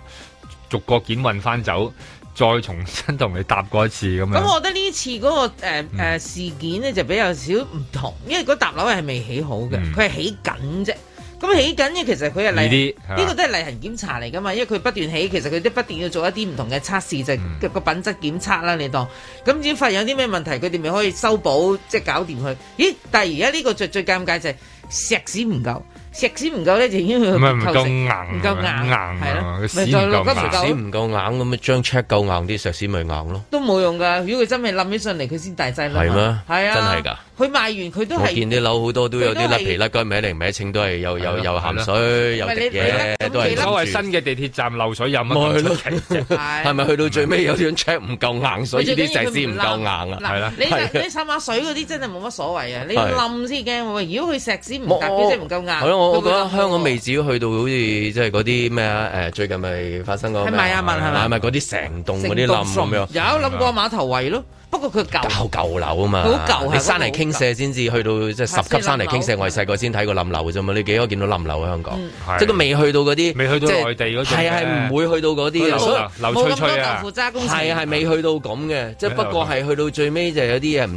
逐個件運翻走。再重新同你搭過一次咁樣。咁、嗯、我覺得呢次嗰、那個、呃呃、事件呢，就比較少唔同，因為嗰搭樓係未起好嘅，佢、嗯、係起緊啫。咁起緊嘅其實佢係呢個都係例行檢查嚟噶嘛，因為佢不斷起，其實佢都不斷要做一啲唔同嘅測試，就個、是、品質檢測啦。你當咁先、嗯、發現有啲咩問題，佢哋咪可以修補，即、就、係、是、搞掂佢。咦？但係而家呢個最最尷尬就係、是、石屎唔夠。石屎唔夠咧，就已經去求食。唔係唔夠硬，唔夠硬硬。係咯，屎唔夠硬。屎唔夠硬咁，咪張 check 夠硬啲石屎咪硬咯。都冇用㗎，如果佢真係冧起上嚟，佢先大劑咯。係咩？係啊，真係㗎。佢賣完佢都係。我見啲樓好多都有啲甩皮甩骨，歪嚟歪青，都係又又又鹹水，又滴嘢，都係所謂新嘅地鐵站漏水有乜咁出奇啫？係咪去到最尾有張 check 唔夠硬，所以啲石屎唔夠硬啊？係啦，你你浸下水嗰啲真係冇乜所謂啊！你冧先驚喎，如果佢石屎唔夠即係唔夠硬。我，我覺得香港未至於去到好似即係嗰啲咩啊？誒最近咪發生過係咪啊？問係咪嗰啲成棟嗰啲冧咁樣？有諗過碼頭位咯。不過佢舊舊樓啊嘛，好舊喺山泥傾瀉先至去到即係十級山泥傾瀉。我係細個先睇過冧樓嘅啫嘛，你幾多見到冧樓？香港是即係未去到嗰啲，未去到內地嗰，係係唔會去到嗰啲。冇咁多負責公司，係係未去到咁嘅。即係不過係去到最尾就有啲嘢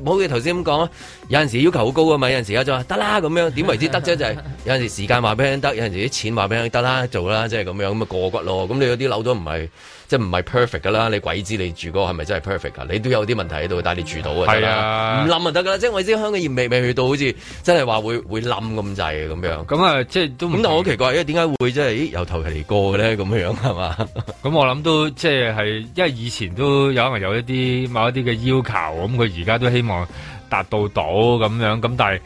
唔好似頭先咁講，有陣時要求好高啊嘛，有陣時就話得啦咁樣，點為之得啫？就係、是、有陣時時間話俾人得，有陣時啲錢話俾人得啦，做啦，即係咁樣咁過骨咯。咁你有啲樓都唔係。即係唔係 perfect 噶啦？你鬼知你住嗰個係咪真係 perfect 噶？你都有啲問題喺度，但係你住到啊，唔冧就得㗎啦。即係我知香港業未未去到好似真係話會會冧咁滯咁樣。咁啊，即係都咁。但係好奇怪，因為點解會真係？咦，由頭嚟過咧咁樣係嘛？咁我諗都即係因為以前都有可能有一啲某一啲嘅要求，咁佢而家都希望，達到到咁樣，咁但係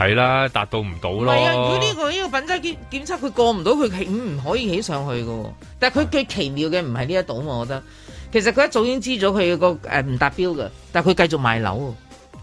係啦，達到唔到咯。唔係啊，如果呢個呢個品質檢檢測佢過唔到，佢起唔可以起上去噶。但係佢最奇妙嘅唔係呢一度，我覺得，其實佢一早已經知咗佢個誒唔達標嘅，但係佢繼續賣樓。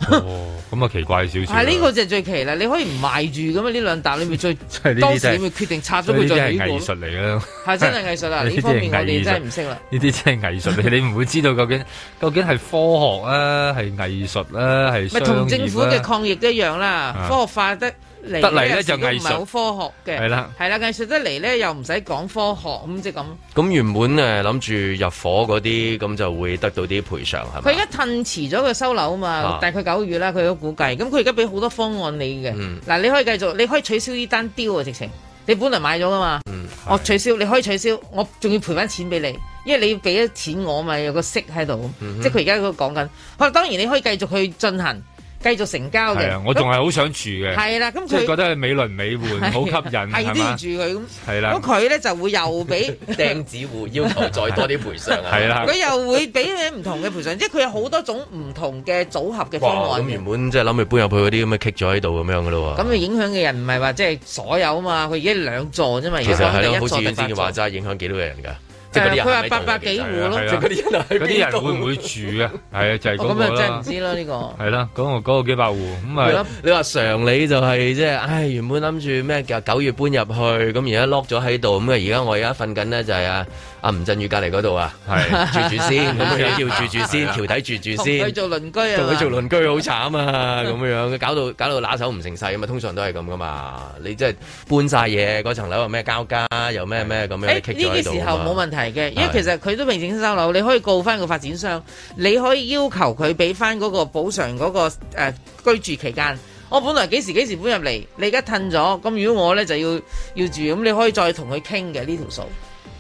哦，咁啊奇怪少少，係 呢、啊呢個就最奇啦！你可以唔賣住咁嘛？呢兩笪你咪再、 就是、當時咪決定拆咗佢再係藝術嚟啦，係 真係藝術啊！呢 方面 我哋真係唔識啦，呢啲真係藝術， 你唔會知道究竟究竟係科學啊，係藝術啦，係咪同政府嘅抗疫一樣啦、啊？ 科學化得。得嚟咧就藝術，唔係好科學嘅。係、就、啦、是，係啦，藝術得嚟咧又唔使講科學咁即係咁。咁原本誒諗住入伙嗰啲咁就會得到啲賠償，係嘛？佢而家褪遲咗個收樓啊嘛，大概九個月啦，佢都估計。咁佢而家俾好多方案你嘅。嗱、嗯，你可以繼續，你可以取消呢單雕啊直情。你本來買咗噶嘛、嗯，我取消，你可以取消，我仲要賠翻錢俾你，因為你要俾咗錢我嘛，有個息喺度、嗯。即係佢而家喺度講緊，當然你可以繼續去進行。繼續成交嘅、啊，我仲係好想住嘅。係啦、啊，咁佢係覺得美輪美奐好、啊、吸引，係啦、啊。住佢咁，係啦、啊。咁佢咧就會又俾釘子戶要求再多啲賠償係啦，佢又會俾唔同嘅賠償， 啊啊、賠償 即係佢有好多種唔同嘅組合嘅方案。咁原本即係諗住搬入去嗰啲咁嘅棘咗喺度咁樣噶咯喎。咁影響嘅人唔係話即係所有啊嘛，佢而家兩座啫嘛。其實係好似啲人話齋影響幾多個人㗎？即係啲人佢話，八百幾戶咯，嗰啲、啊啊、人，人會唔會住啊？係 啊，就係咁咁啊，真係唔知啦呢個。係啦，嗰個幾百戶咁啊。你話常理就係即係，唉、哎，原本諗住咩叫九月搬入去，咁而家 lock 咗喺度，咁啊，而家我而家瞓緊咧就係啊。阿、啊、吳鎮宇隔籬嗰度啊，係住住先，咁 樣樣要住住先，條 底住住先。佢做鄰居，做鄰居啊，同佢做鄰居好慘啊，咁樣樣佢搞到搞到拿手唔成世咁啊，通常都係咁噶嘛，你即係搬晒嘢，嗰層樓有咩交加，又咩咩咁樣棘在度。誒呢啲時候冇問題嘅，因為其實佢都平整新收樓，你可以告翻個發展商，你可以要求佢俾翻嗰個補償嗰個誒居住期間。我本來幾時幾時搬入嚟，你而家褪咗，咁如果我咧就要要住，咁你可以再同佢傾嘅呢條數。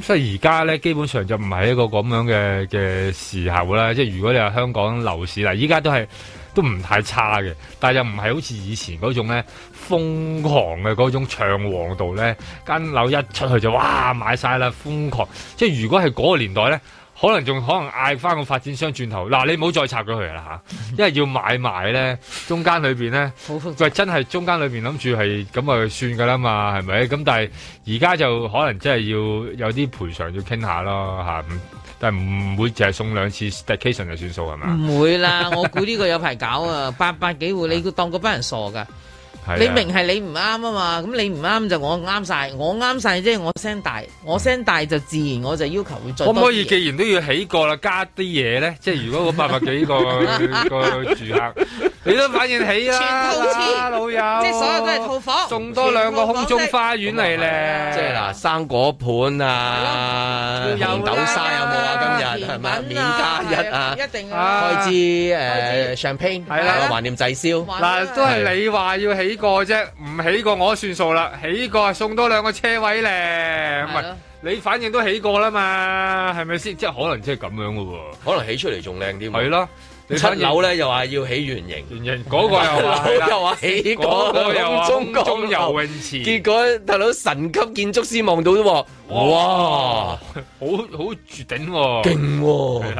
所以而家咧，基本上就唔係一個咁樣嘅嘅時候啦。即係如果你話香港樓市啦，依家都係都唔太差嘅，但係又唔係好似以前嗰種咧瘋狂嘅嗰種唱旺度咧，間樓一出去就哇買晒啦，瘋狂。即係如果係嗰個年代咧。可能仲可能嗌翻個發展商轉頭，嗱，你唔好再插咗佢啦吓，因為要買賣咧，中間裏邊咧，佢 真係中間裏邊諗住係咁啊算噶啦嘛，係咪？咁但係而家就可能真係要有啲賠償要傾下咯吓，但係唔會淨係送兩次 station 就算數係嘛？唔會啦，我估呢個有排搞啊， 八百幾戶，你當嗰班人傻噶？ 你明係你唔啱啊嘛，咁你唔啱就我啱晒，我啱晒即係我聲、就是、大，我聲大就自然我就要求會做。可唔可以既然都要起過啦，加啲嘢咧？即、就、係、是、如果個八百幾個 個住客，你都反應起啊！全套瓷、啊、老友，即係所有都係套房，送多兩個空中花園嚟咧。即係嗱，生果盤啊，甜、啊、豆沙有冇啊？今日係嘛？免加日啊，一定啊，開支誒香檳，啦、啊，懷念祭燒嗱，都係你話要起。呢個啫，唔起過我都算數啦，起過啊，送多兩個車位咧，唔係你反正都起過啦嘛，係咪先？即係可能即係咁樣噶喎，可能起出嚟仲靚啲。係咯，七樓咧又話要起圓形，圓形嗰個又又話起，嗰個又話中中游泳池，結果大佬神級建築師望到啫，哇，好好絕頂，勁。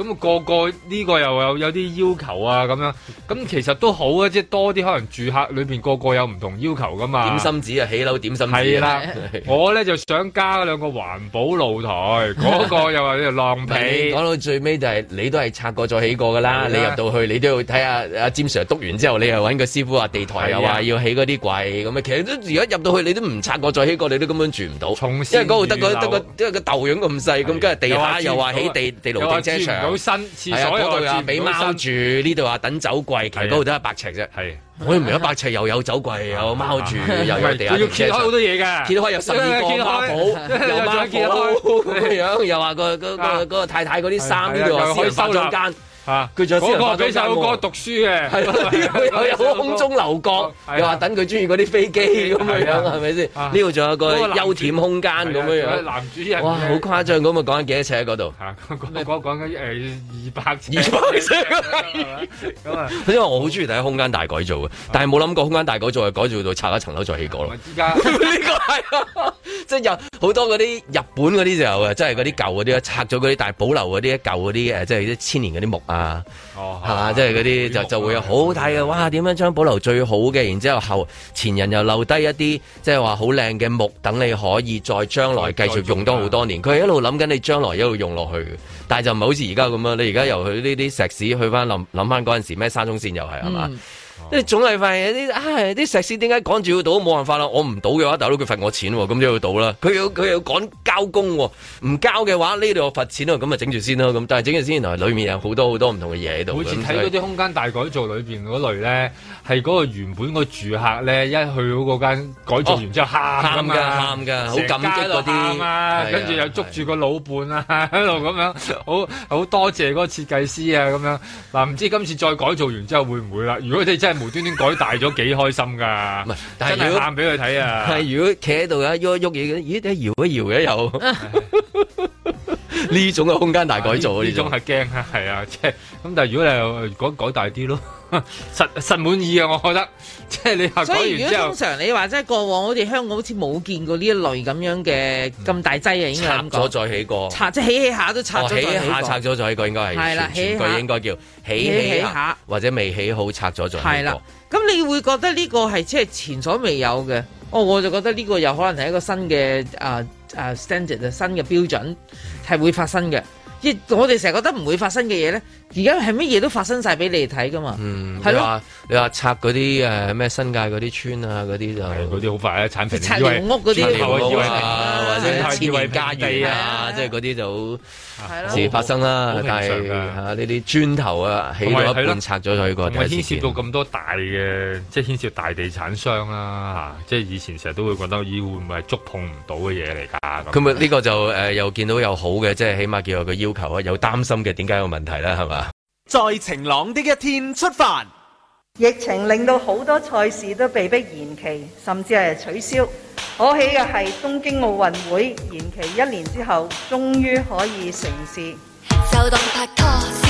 咁、那個個呢個又有有啲要求啊咁樣，咁其實都好啊，即係多啲可能住客裏面個個有唔同要求噶嘛。點心紙啊，起樓點心紙、啊。係啦， 我咧就想加兩個環保露台，嗰 個又話晾被。講到最尾就係、是、你都係拆過再起過噶啦，你入到去你都要睇下阿 James Sir 督完之後，你又搵個師傅話地台又話要起嗰啲櫃咁啊，其實都如果入到去你都唔拆過再起過，你都根本住唔到，因為嗰度得個得個得個豆樣咁細，咁跟住地下又話起地地樓停車場。好新廁所，啊，俾貓住，呢度啊等酒櫃，其實嗰度都一百尺啫。係，可唔係一百尺又有酒櫃，有貓住，又有地下。揭開好多嘢嘅，揭開有十二個百寶，又再揭開咁樣，又話個個個太太嗰啲衫呢度啊，可以收咗間。吓、啊，佢就要話俾細佬哥讀書嘅，係、啊、又、啊這個、有，有空中樓閣、啊，又話等佢中意嗰啲飛機咁、啊啊啊啊啊、樣，係咪先？呢度仲有個休憩空間咁樣，哇，好誇張咁啊！講緊幾多尺喺嗰度？吓，講講緊誒，二百尺，二百尺因為我好中意睇空間大改造嘅、啊，但係冇諗過空間大改造，改造到拆一層樓再起過咯。之間呢個係，即係又。好多嗰啲日本嗰啲就候、是，即係嗰啲舊嗰啲拆咗嗰啲，但係保留嗰啲一舊嗰啲即係一千年嗰啲木、哦、啊、嚇、係嘛！即係嗰啲就就會有好大嘅，哇！點樣將保留最好嘅，然之後後前人又留低一啲即係話好靚嘅木，等你可以再將來繼續用多好多年。佢係一路諗緊你將來一路用落去，但係就唔係好似而家咁啊！你而家由佢呢啲石屎去翻諗諗翻嗰陣時咩沙中線又係係嘛？嗯即係總係犯有啲啊，啲、哎、石屎點解趕住要倒？冇辦法啦，我唔倒嘅話，大佬佢罰我錢，咁就要倒啦。佢要佢又趕交工，唔交嘅話呢度我罰錢咯，咁咪整住先咯。咁但係整住先，原來裏面有好多好多唔同嘅嘢喺度。每次睇嗰啲空間大改造裏邊嗰類咧，係嗰個原本個住客咧，一去到嗰間改造完之後，喊、哦、噶，喊噶，好感激嗰啲啊，啊，跟住又捉住個老伴啊，喺度咁樣，好好多謝嗰個設計師啊，咁樣嗱，唔知今次再改造完之後會唔會啦？如果你真係，無端端改大咗幾開心㗎，真係喊俾佢睇啊！係如果企喺度啊，喐喐嘢咦？一搖一搖嘅又呢種嘅空間大改造，呢種係驚啊！係 啊，即係咁。但係如果你改改大啲咯。實實滿意啊！我覺得即係、就是、你話講完之後，所以如果通常你話即係過往，我哋香港好似冇見過呢一類咁樣嘅咁大劑啊！拆咗再起過，拆即起起下都拆咗、哦、再起過，應該係係啦，全句應該叫起起,起,起下或者未起好拆咗再起過係啦，咁你會覺得呢個係即係前所未有嘅。哦，我就覺得呢個有可能係一個新嘅啊啊 standard 新嘅標準係會發生嘅。我哋成日覺得唔會發生嘅嘢咧。而家係乜嘢都發生晒俾你睇㗎嘛？嗯，係咯。你話拆嗰啲誒咩新界嗰啲村啊，嗰啲就係嗰啲好快啊，產平。拆屋嗰啲啊，或者遷移家地啊，即係嗰啲就事、是啊、發生啦、啊啊啊啊啊。但係呢啲磚頭啊，起咗一半拆咗佢個，牽涉到咁多大嘅，即、就、係、是、牽涉大地產商啦、啊。即係、啊就是、以前成日都會覺得咦，會唔會係觸碰唔到嘅嘢嚟㗎？咁咪呢個就誒又見到有好嘅，即係起碼叫有個要求啊。有擔心嘅點解有問題啦？係嘛？在晴朗的一天出發，疫情令到好多賽事都被迫延期，甚至係取消。可喜嘅係，東京奧運會延期一年之後終於可以成事。就當拍拖。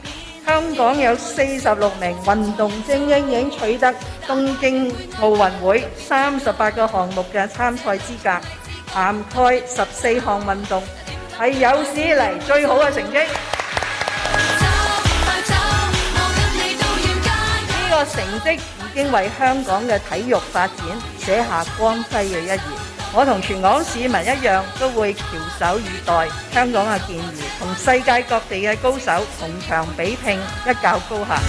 香港有四十六名運動精英已經取得東京奧運會三十八個項目嘅參賽資格，涵蓋十四項運動，係有史以嚟最好嘅成績呢、 呢個成績已經為香港嘅體育發展寫下光輝嘅一頁。我同全港市民一樣，都會翹首以待香港嘅健兒，同世界各地嘅高手同場比拼，一較高下。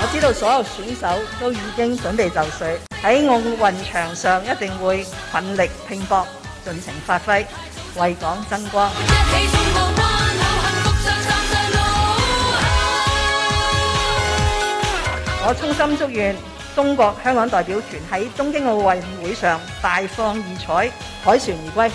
我知道所有選手都已經準備就緒，喺奧運場上一定會奮力拼搏，盡情發揮，為港爭光。 我衷心祝願中國香港代表團喺東京奧運會上大放異彩，凱旋而歸。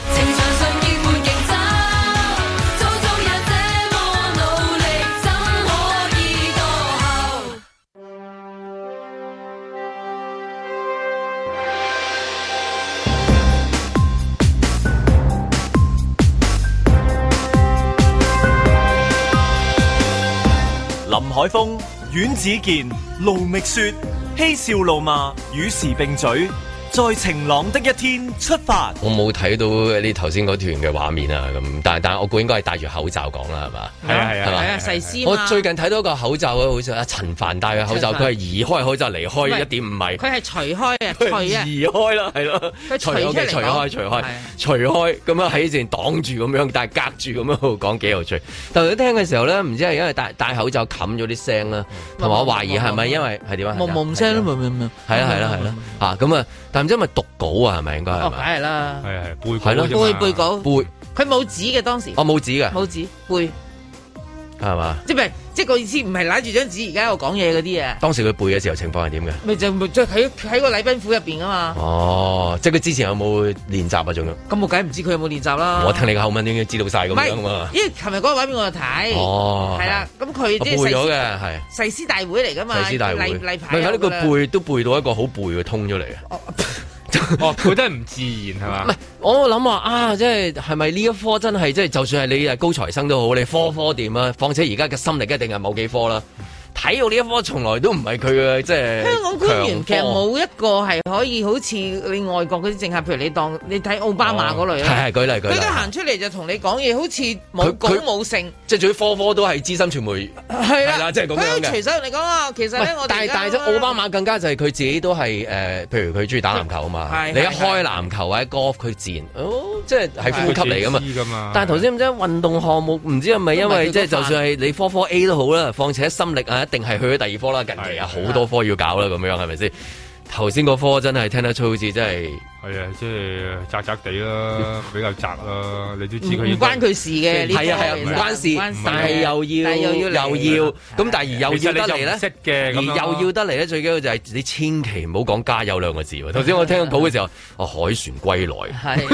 林海峰。阮子健、盧覓雪，嬉笑怒罵與時並嘴。在晴朗的一天出發，我冇睇到你頭先嗰段嘅畫面啊，咁但但我估應該係戴住口罩講啦，係嘛？係啊係啊，係啊，師嘛、啊啊啊啊。我最近睇到個口罩咧，好似阿陳凡戴嘅口罩，佢係、啊、移開口罩離開一點五米。佢係除開嘅，除啊。移開啦，係咯，除咗除開，除、啊、開，除開，咁樣喺前擋住咁樣，但係隔住咁樣講幾有趣。頭先聽嘅時候咧，唔知係因為戴戴口罩冚咗啲聲啦，同埋我懷疑係咪因為係點啊？冇聲啦，冇冇冇。係啦係啦係啦，嚇咁啊，唔知係咪讀稿啊？係咪應該係？哦，梗係啦，係係背稿，囉、背，背稿，背佢冇紙嘅當時，我、哦、冇紙嘅，冇紙背。係嘛？即係即係個意思不是著著，唔係攬住張紙而家喺度講嘢嗰啲嘢，當時佢背嘅時候情況係點嘅？咪就喺喺個禮賓府入邊啊嘛！哦，即係佢之前有冇練習啊？仲咁我梗，唔知佢有冇練習啦。我聽你個口吻已經知道晒咁樣噶嘛？咦，琴日嗰個位俾我睇。哦，係啦，咁佢背咗嘅係誓師大會嚟噶嘛？誓師大會禮禮牌。唔係，嗰啲佢背都背到一個好背嘅通咗嚟啊！哦 哦，佢都係唔自然係嘛？唔係，我諗話啊，即係係咪呢一科真係即係，就算係你係高材生都好，你科科點啊？況且而家嘅心力一定係某幾科啦。體育呢一科從來都唔係佢嘅，即係香港官員其實冇一個係可以好似你外國嗰啲政客。譬如你當你睇奧巴馬嗰類，例、哦、舉，佢都行出嚟就同你講嘢，好似冇鼓舞性。即係最科科都係資深傳媒，係啦，即係咁樣嘅。其實但係但奧巴馬更加就係佢自己都係誒、呃，譬如佢中意打籃球啊嘛，你一開籃球或者 golf，佢自然哦，即係係呼吸嚟㗎嘛，嘛。但係頭先唔知運動項目唔知係咪因為即係就算係你科科 A 都好啦，況且心力啊。一定係去咗第二科啦，近期啊好多科要搞啦，咁樣係咪先？頭先嗰科真係聽得出好似真係係啊，即係窄窄地啦，比較窄啦，你都知佢唔關佢事嘅，係啊係啊，唔關，關事，但係又要又要咁，但係又要得嚟咧，識嘅而又要得嚟咧、啊，最緊要就係你千祈唔好講加油兩個字。頭先我聽到嘅時候，哦、啊，海船歸來，係，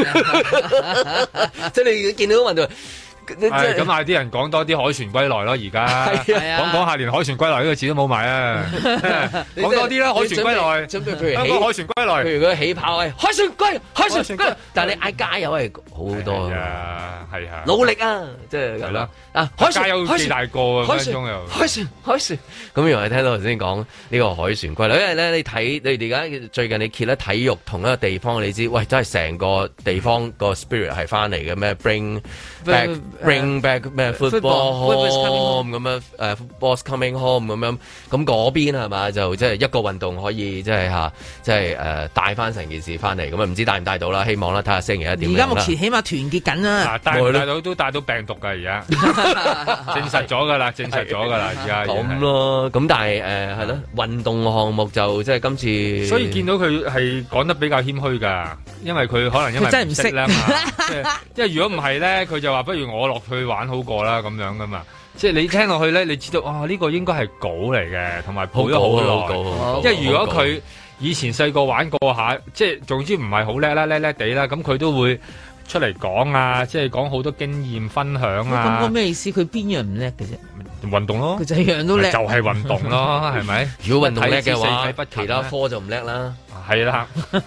即 係 是的 你見到個問就。咁嗌啲人講多啲海船歸來咯，而家講講下連海船歸來呢個字都冇埋啊！講 多啲啦，海船歸來，包括海船歸來，譬如嗰起，起跑海船歸，海船歸。但係你嗌加油係好多啊！係啊，努力啊，即係咁啦。啊，海船加油大！大個啊，海船，海船。咁原來聽到頭先講呢個海船歸來，因為咧你睇你而家最近你揭得體育同一個地方，你知喂真係成個地方個 spirit 係翻嚟嘅咩？Bring back、嗯。嗯嗯 Bring back 咩、uh, football, football home 咁、uh, 樣，誒，football coming home 咁樣，咁嗰邊係嘛？就即係一個運動可以，即係嚇，即係誒，帶翻成件事翻嚟。咁啊，唔知帶唔帶到啦，希望啦，睇下星期一點。而家目前起碼團結緊啊，帶，帶到，帶帶到都帶到病毒㗎，而家 證實咗㗎啦， 證實咗㗎啦而家。咁咯，咁、 啊啊、但係誒係咯，運動項目就、啊、即係今次。所以見到佢係講得比較謙虛㗎，因為佢可能因為真係唔識啦嘛。即係如果唔係咧，佢就話不如我。落去玩好過啦，咁樣噶嘛，即係你聽落去咧，你知道啊呢個應該係稿嚟嘅，同埋背咗好耐。因為如果佢以前細個玩過下，即係總之唔係好叻啦，叻叻地啦，咁佢都會。出嚟講啊，即係講好多經驗分享啊！咁個咩意思？佢邊樣唔叻嘅啫？運動咯，佢就一樣都叻，就係運動咯，係 咪不是？ 如果運動叻嘅話， 其他科就唔叻啦。係、啊、啦，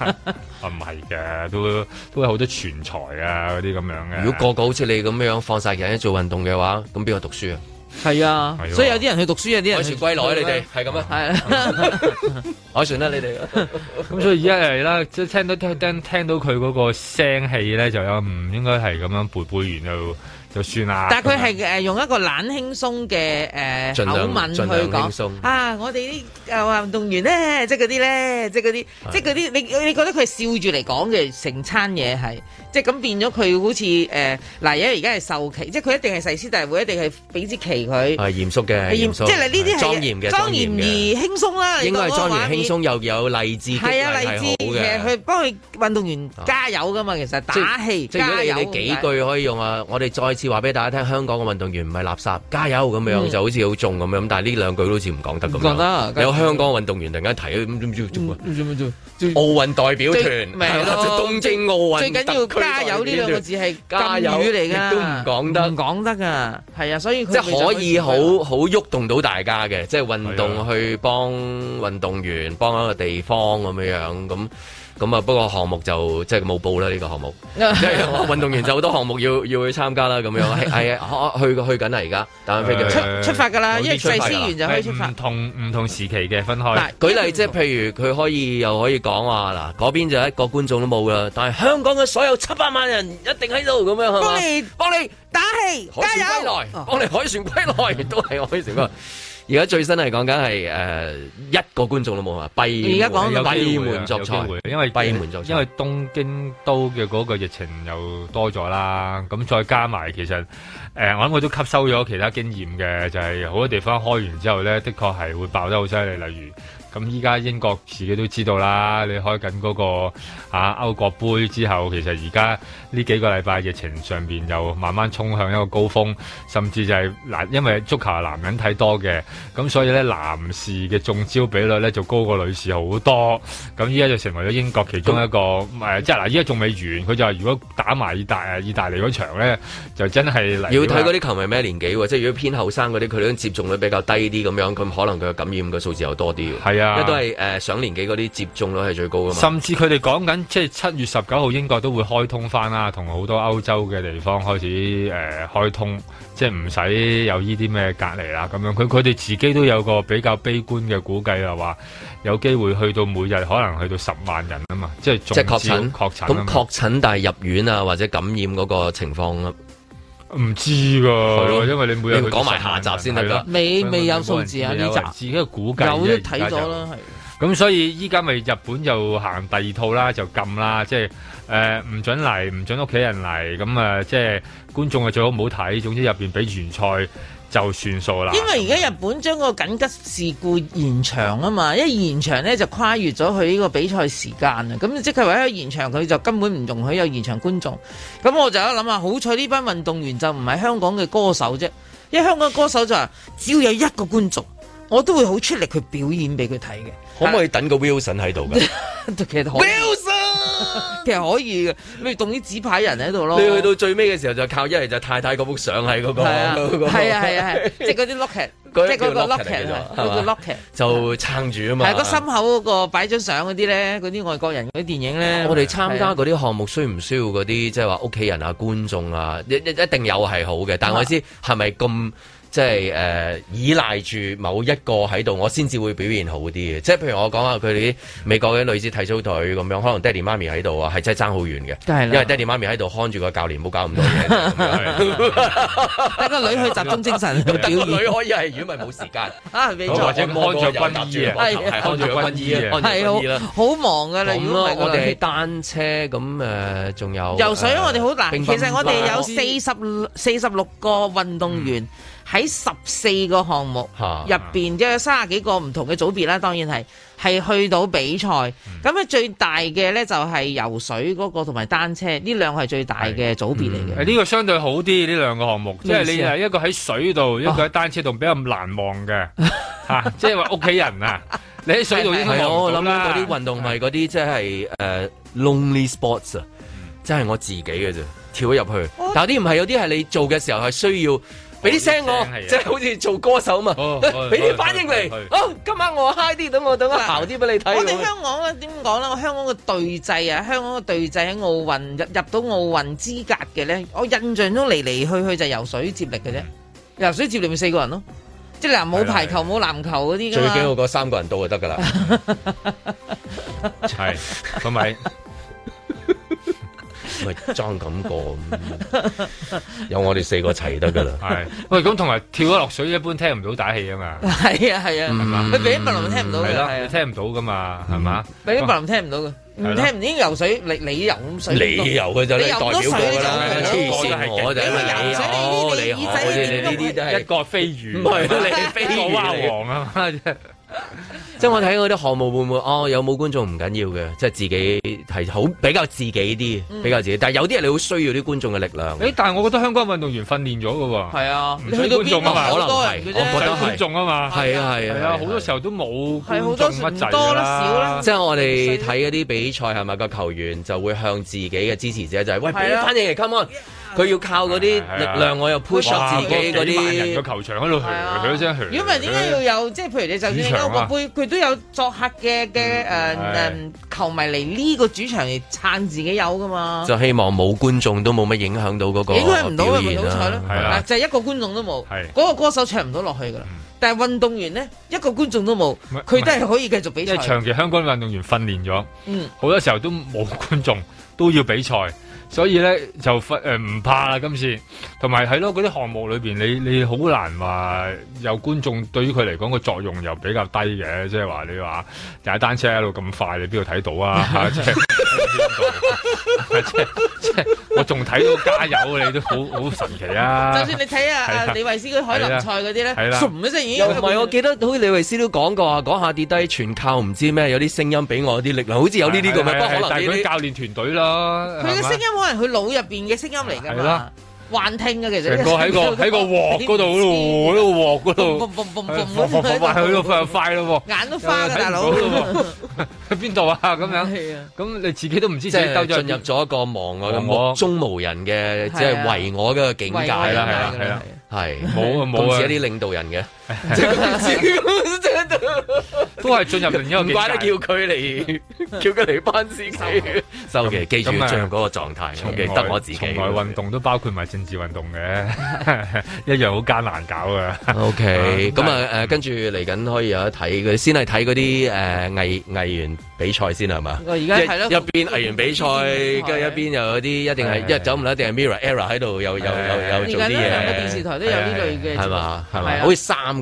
唔係嘅，都會都係好多全才啊，嗰啲咁樣嘅。如果個個好似你咁樣放晒人去做運動嘅話，咁邊個讀書啊？係啊，啊，所以有啲人去讀書，有啲人海船歸來，你哋係咁樣？係海船啦，你 哋、 嗯。咁所以而家嚟啦，即係聽到聽聽到佢嗰個聲氣咧，就有唔應該係咁樣背背完就。就算啦，但係佢係用一個懶輕鬆嘅、 呃、口吻去講啊！我哋啲誒運動員咧，即嗰啲咧，即嗰啲，即嗰啲，你你覺得佢笑住嚟講嘅、就是、成餐嘢係，即係咁變咗佢好似誒嗱，因為而家係授旗，即、就、佢、是、一定係誓師大會，一定係俾支旗佢係嚴肅嘅，嚴肅的，即係嗱呢啲係莊嚴嘅、啊就是，而輕鬆啦，應該係莊嚴，輕鬆，莊嚴，輕，鬆莊嚴輕鬆又有勵志嘅，係啊勵志嘅，佢幫佢運動員加油㗎嘛，其實、啊、打氣，即係如果你幾句可以用啊，我哋再似話俾大家聽，香港嘅運動員唔係垃圾，加油咁樣，就好似好重咁樣。但係呢兩句都好似唔講得咁樣得。有香港運動員突然間提、呃，奧、呃、運代表團係、就是、東京奧運最緊要加油呢兩個字係禁語嚟嘅，都唔講得，唔講得噶，係啊，所以即係可以很好好喐動到大家嘅，即係運動去幫運動員，幫一個地方咁樣樣咁。咁、嗯、啊，不過項目就即係冇報啦，呢、這個項目，即係運動員就好多項目要要去參加啦，咁樣係啊，去個去緊啦，而家打翻飛機出是是是是出發噶啦，因為誓師完就可以出發。唔同唔同時期嘅分開。嗱，舉例即係譬如佢可以又可以講話嗱，嗰邊就一個觀眾都冇啦，但係香港嘅所有七百萬人一定喺度咁樣係嘛，幫你幫你打氣加油，幫你凱旋歸來都係凱旋歸來。 而家最新嚟講緊係誒一個觀眾都冇啊！閉而家講閉門作賽，因為閉門作，因為東京都嘅嗰個疫情又多咗啦。咁再加埋，其實誒、呃、我諗佢都吸收咗其他經驗嘅，就係、是、好多地方開完之後咧，的確係會爆得好犀利，例如。咁依家英國自己都知道啦，你開緊、那、嗰個啊歐國杯之後，其實而家呢幾個禮拜疫情上面又慢慢衝向一個高峰，甚至就係嗱，因為足球係男人睇多嘅，咁所以咧男士嘅中招比率咧就高過女士好多。咁依家就成為咗英國其中一個、呃、即係嗱，依家仲未完，佢就係如果打埋意大意大利嗰場咧，就真係嚟。要睇嗰啲球迷咩年紀喎、啊？即係如果偏後生嗰啲，佢啲、啊、接種率比較低啲咁樣，佢可能佢感染嘅數字又多啲。啊。因都係誒、呃、上年紀嗰啲接種率係最高噶嘛，甚至佢哋講緊即係七月十九號英國都會開通翻啦，同好多歐洲嘅地方開始誒、呃、開通，即係唔使有呢啲咩隔離啦咁樣。佢佢哋自己都有一個比較悲觀嘅估計，又話有機會去到每日可能去到十萬人啊嘛，即係即係確診確診，咁確,確診但係入院啊或者感染嗰個情況、啊唔知㗎，因為你每日要講埋下集先得㗎，未未有數字啊呢集，自己嘅估計有都睇咗啦。咁所以依家咪日本就行第二套啦，就禁啦，即係誒、唔准嚟，唔准屋企人嚟，咁誒、即係觀眾啊最好唔好睇。總之入面俾原賽。就算數啦，因為而家日本將個緊急事故延長啊嘛，一延長咧就跨越咗佢呢個比賽時間啊，咁即係話一延長佢就根本唔容許有延長觀眾，咁我就喺度諗啊，好彩呢班運動員就唔係香港嘅歌手啫，因為香港的歌手就話，只要有一個觀眾，我都會好出力去表演俾佢睇嘅，可唔可以等個 Wilson 喺度嘅？ 其實 其實可以嘅，咪動啲紙牌人喺度咯。你去到最尾嘅時候就靠一嚟就太太嗰幅相喺嗰個，係啊係啊係啊，即係嗰啲 locket，即係嗰個、啊啊啊就是、locket 嗰 個 locket 就撐住啊嘛。係、啊、個心口嗰個擺張相嗰啲咧，嗰啲外國人嗰啲電影咧，我哋參加嗰啲項目需唔需要嗰啲即係話屋企人啊觀眾啊，一一定有係好嘅，但係我知係咪咁？即係誒依賴住某一個喺度，我先至會表現好啲嘅。即係譬如我講下佢哋啲美國嘅女子體操隊咁樣，可能爹哋媽咪喺度啊，係真係爭好遠嘅。因為爹哋媽咪喺度看住個，enfin, 個教練，唔好搞咁多嘢，得個 女去集中精神去、 啊、女現。可以係如果咪冇時間、 啊啊啊、或者安著軍衣，衣啊，係衣係、啊、好忙噶啦。如果唔係我哋單車咁誒，仲有、呃、游水我哋好難。其實我哋有四十、四十六個運動員。嗯喺十四個項目入邊，即係卅幾個唔同嘅組別啦，當然係係去到比賽。咁、嗯、啊，最大嘅咧就係游水嗰個同埋單車呢兩個係最大嘅組別嚟嘅。呢、嗯，這個相對好啲，呢兩個項目，即係、啊就是、你係一個喺水度、啊，一個喺單車度比較難忘嘅吓。即係話屋企人啊， 你喺水度應該冇啦。我諗嗰啲運動係嗰啲即係誒 lonely sports 啊，即係我自己嘅啫，跳咗入去。但係啲唔係，有啲係你做嘅時候係需要。俾啲聲我，即、喔、係好似做歌手嘛，俾、喔、啲、喔、反應嚟。哦、欸欸欸欸喔，今晚我 high 啲，等我等我姣啲俾你睇。我哋香港咧，點講咧？我香港嘅隊制啊，香港嘅隊制喺奧運入入到奧運資格嘅咧，我印象中嚟嚟去，去去就游水接力嘅啫、嗯，游水接力咪四個人咯，即係嗱，冇排球冇籃、嗯、球嗰啲嘅。最最緊要嗰三個人到就得噶啦，係，同埋。喂，裝感咁有我哋四個齊得噶啦。係， 喂，咁同埋跳咗落水，一般聽唔到打氣啊嘛。係 啊，係啊，佢俾啲柏林聽唔到，係啦、啊，啊、聽唔到噶嘛，係、嗯、嘛，俾啲柏林聽唔到噶，唔聽唔、啊、已該游水，理理由咁水，理由佢就代表㗎啦，黐線，我就係，你你游水，你呢啲就係一個飛魚，唔係都你飛魚王啊。 即係我睇嗰啲項目會唔會哦有冇觀眾唔緊要嘅，即係自己係好比較自己啲，mm. 比較自己。但係有啲人你好需要啲觀眾嘅力量。誒，但係我覺得香港運動員訓練咗嘅喎。係啊，唔使觀眾可能我唔使觀眾啊嘛。係啊係啊，係啊，啊，啊，啊，啊，好多時候都冇、啊。好多唔多啦，少、啊、啦。即係我哋睇嗰啲比賽係咪個球員就會向自己嘅支持者就係、是啊、喂，反應嚟 come on。佢要靠嗰啲力量，我又 push 咗自己嗰啲。幾萬人個球場喺度、啊，聲響。去如果唔係，點解要有？即係譬如你有個，就算歐冠杯，佢都有作客嘅嘅誒球迷嚟呢個主場撐自己有噶嘛？就希望冇觀眾都冇乜影響到嗰個表演啦、啊。係啦、啊啊，就係、是、一個觀眾都冇，嗰個歌手唱唔到落去噶啦。嗯、但係運動員呢，一個觀眾都冇，佢都係可以繼續比賽、嗯。長期香港運動員訓練咗，好、嗯、多時候都冇觀眾都要比賽。所以咧，就誒，唔怕啦今次，同埋喺，咯嗰啲項目裏面，你你好難話有觀眾對於佢嚟講個作用又比較低嘅，即係話你話踩單車喺度咁快，你邊度睇到啊？即係即係我仲睇到加油你都好好神奇啊！就算你睇下、啊啊、李慧詩佢凱林賽嗰啲咧，唔係、啊啊嗯、我記得好似李慧詩都講過，講下跌低全靠唔知咩，有啲聲音俾我啲力量，好似有呢啲咁嘅，不過可能啲教練團隊啦，佢嘅聲音。因為佢腦入邊嘅聲音嚟噶嘛，幻聽啊，其實成個喺個喺個鑊嗰度，喺度喺度鑊嗰度，快快快喺度快又快咯，眼都花啦，大佬喺邊度啊？咁樣，咁你自己都唔知自己進入咗一個忘我，目中無人嘅，即係唯我嘅境界啦，係啊，係啊，係冇啊，冇啊，當似一啲領導人嘅。即 係 都係進入唔怪得叫佢嚟，叫佢嚟班司機。收起記住將嗰、嗯、個狀態，得、okay, 我自己。從來運動都包括埋政治運動嘅， 一樣好艱難搞嘅。O K，咁啊誒，跟住嚟緊可以有得睇，佢先係睇嗰啲誒藝藝員比賽先係嘛？而家係咯，一邊藝員比賽，跟、嗯、住一邊又有啲一定係一走唔甩，一定係 Mirror Error 喺度，又又又做啲嘢。而家咧，電視台都有呢類嘅，係嘛？係咪？好似三。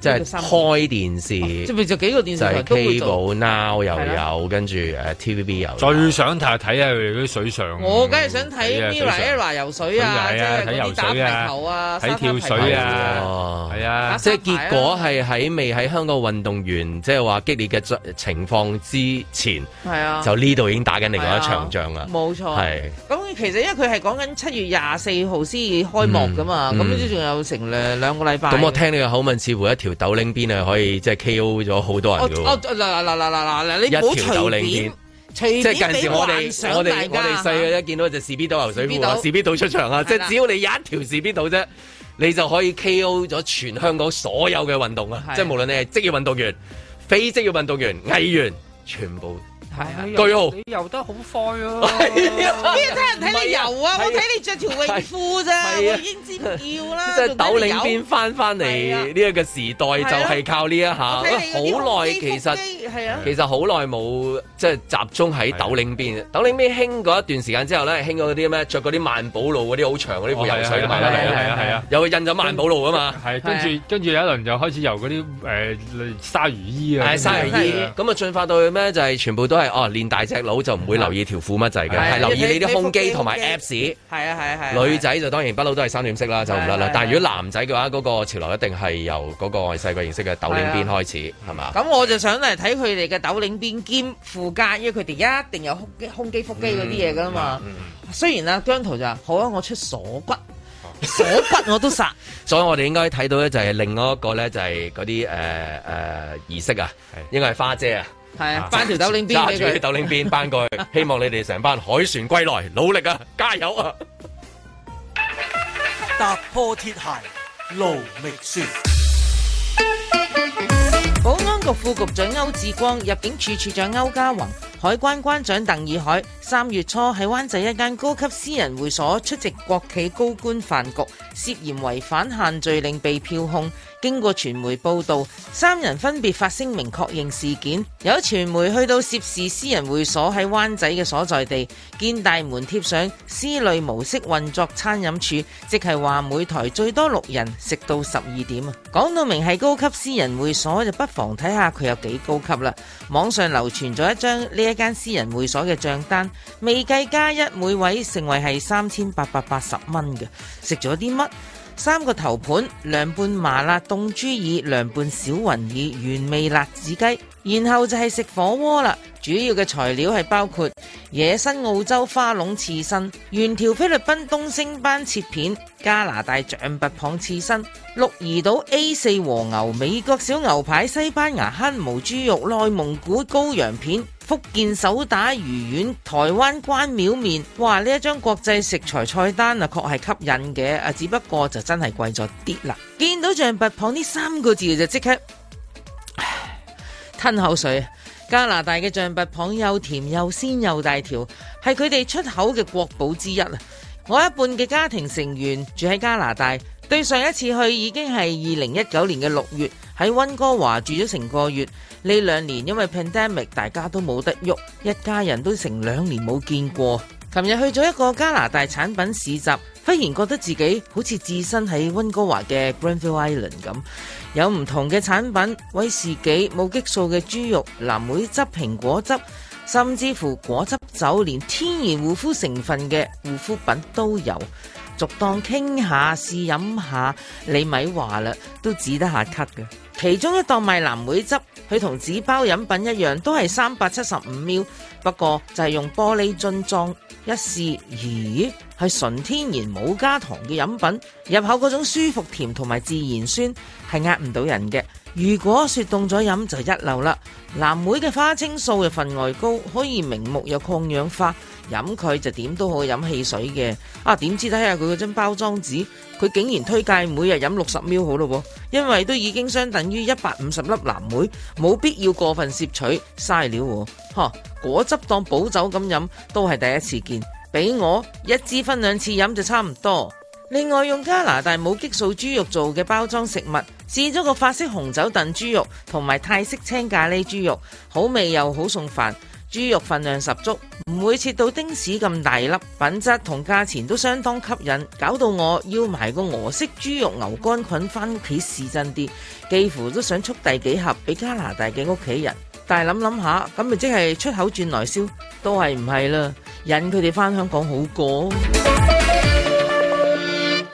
即係開電視，哦、即係就幾個電視台？就係 cable now 又有，啊、跟住 TVB 又有。最想睇睇下佢啲水上。我梗係想睇 Mila、Ella 游水啊,啊，即打排球啊，睇跳水啊，啊,啊,啊,啊。即係結果係喺未喺香港運動員即係話激烈嘅情況之前，啊，就呢度已經打緊另外一場仗啦。冇錯咁、啊嗯、其實因為佢係講緊七月廿四號先至開幕噶嘛，咁、嗯、仲、嗯、有成兩兩個禮拜。咁我聽你嘅口吻，似乎一條。斗領邊啊，可以即係 K O 咗好多人哦。嗱嗱嗱嗱嗱嗱，你唔好隨便，隨便俾幻想大家。一條斗領邊，即係近時我哋我哋我哋細個一見到隻士 B 島游水褲啊，士 B 島出場啊，即係只要你有一條士 B 島啫，你就可以 K O 咗全香港所有嘅運動啊！即係無論你係職業運動員、非職業運動員、藝員，全部。係啊！句號、啊，你游得好快啊！係、 啊，睇人睇你游啊？我睇你着條泳褲咋、啊啊，我已經知唔啦。即係斗領邊翻翻嚟呢一個時代就，就係靠呢一下。好耐其實，啊、其實好耐冇即係集中喺斗領邊。斗、啊、領邊興過一段時間之後咧，興嗰啲咩？着嗰啲萬寶路嗰啲好長嗰啲褲游水都埋啦，係、哦、啊，係啊，又、啊啊啊啊啊啊、印咗萬寶路啊嘛。跟住、啊啊、跟住有一輪就開始游嗰啲沙如魚衣啊，鯊魚衣咁啊，進化到咩？就係全部都。係哦，練大隻佬就唔會留意條褲乜滯嘅，係、啊啊啊啊、留意你啲胸肌同埋 abs 係啊係係、啊啊啊。女仔就當然不嬲都係三點式啦，就唔得啦。但係如果男仔嘅話，嗰、那個潮流一定係由嗰個我細個認識嘅斗領邊開始，係嘛，啊？咁、嗯、我就想嚟睇佢哋嘅斗領邊兼附加，因為佢哋一定有胸肌、腹肌嗰啲嘢噶嘛、嗯啊嗯。雖然啊，姜濤就話好啊，我出鎖骨，鎖、啊、骨我都殺， 所以我哋應該睇到咧就係另外一個咧就係嗰啲誒誒儀式啊，應該係花姐啊。係啊，扳條斗領邊揸住啲斗領邊，扳過去。 希望你哋成班海船歸來，努力啊，加油啊！踏破鐵鞋路未雪，保安局副局長區志光，入境處處長區嘉宏。海關關長鄧以海三月初喺灣仔一間高級私人會所出席國企高官飯局，涉嫌違反限聚令被票控。經過傳媒報道，三人分別發聲明確認事件。有傳媒去到涉事私人會所喺灣仔嘅所在地，見大門貼上 C 類模式運作餐飲處，即係話每台最多六人食到十二點啊！講到明係高級私人會所，就不妨睇下佢有幾高級啦。網上流傳咗一張呢一間私人會所嘅賬單，未計加一，每位成為係三千八百八十蚊嘅。食咗啲乜？三個頭盤，涼拌麻辣凍豬耳、涼拌小雲耳、原味辣子雞。然後就係食火鍋啦，主要嘅材料係包括野生澳洲花龍刺身、原條菲律賓東星斑切片、加拿大象拔蚌刺身、鹿兒島 A 四和牛、美國小牛排、西班牙黑毛豬肉、內蒙古羔羊片、福建手打魚丸、台灣關廟麵。哇！呢一張國際食材菜單啊，確係吸引嘅，啊，只不過就真係貴咗啲啦。見到象拔蚌呢三個字就即刻，吞口水，加拿大嘅象拔蚌又甜又鮮又大條，係佢哋出口嘅國寶之一啊！我一半嘅家庭成員住喺加拿大，對上一次去已經係二零一九年嘅六月，喺温哥華住咗成個月。呢兩年因為 pandemic，大家都冇得喐，一家人都成兩年冇見過。琴日去咗一個加拿大產品市集，忽然覺得自己好似置身喺温哥華嘅 Granville Island 咁。有唔同嘅產品，威士忌、冇激素嘅豬肉、藍莓汁、蘋果汁，甚至乎果汁酒，連天然護膚成分嘅護膚品都有，逐檔傾下試飲下，你咪話啦，都止得下咳嘅。其中一檔賣藍莓汁，佢同紙包飲品一樣，都係三百七十五秒，不過就係用玻璃樽裝。一試，咦，係純天然冇加糖嘅飲品，入口嗰種舒服甜同埋自然酸，係呃唔到人嘅。如果雪凍咗飲就一流啦，藍莓嘅花青素嘅份外高，可以明目又抗氧化，飲佢就點都可以飲汽水嘅。啊，點知睇下佢嗰張包裝紙，佢竟然推介每日飲六十 ml。好咯，因為都已經相等於一百五十粒藍莓，冇必要過分攝取，嘥料喎。吓，果汁當補酒咁飲都係第一次見，俾我一支分兩次飲就差唔多。另外用加拿大冇激素豬肉做嘅包裝食物，試咗個法式紅酒燉豬肉同埋泰式青咖喱豬肉，好味又好送飯，豬肉份量十足，唔會切到丁屎咁大粒，品質同價錢都相當吸引，搞到我要埋個俄式豬肉牛肝菌返屋企試真啲，幾乎都想速遞幾盒俾加拿大嘅屋企人，但係諗諗下，咁咪即係出口轉內銷，都係唔係啦？引佢哋返香港好過。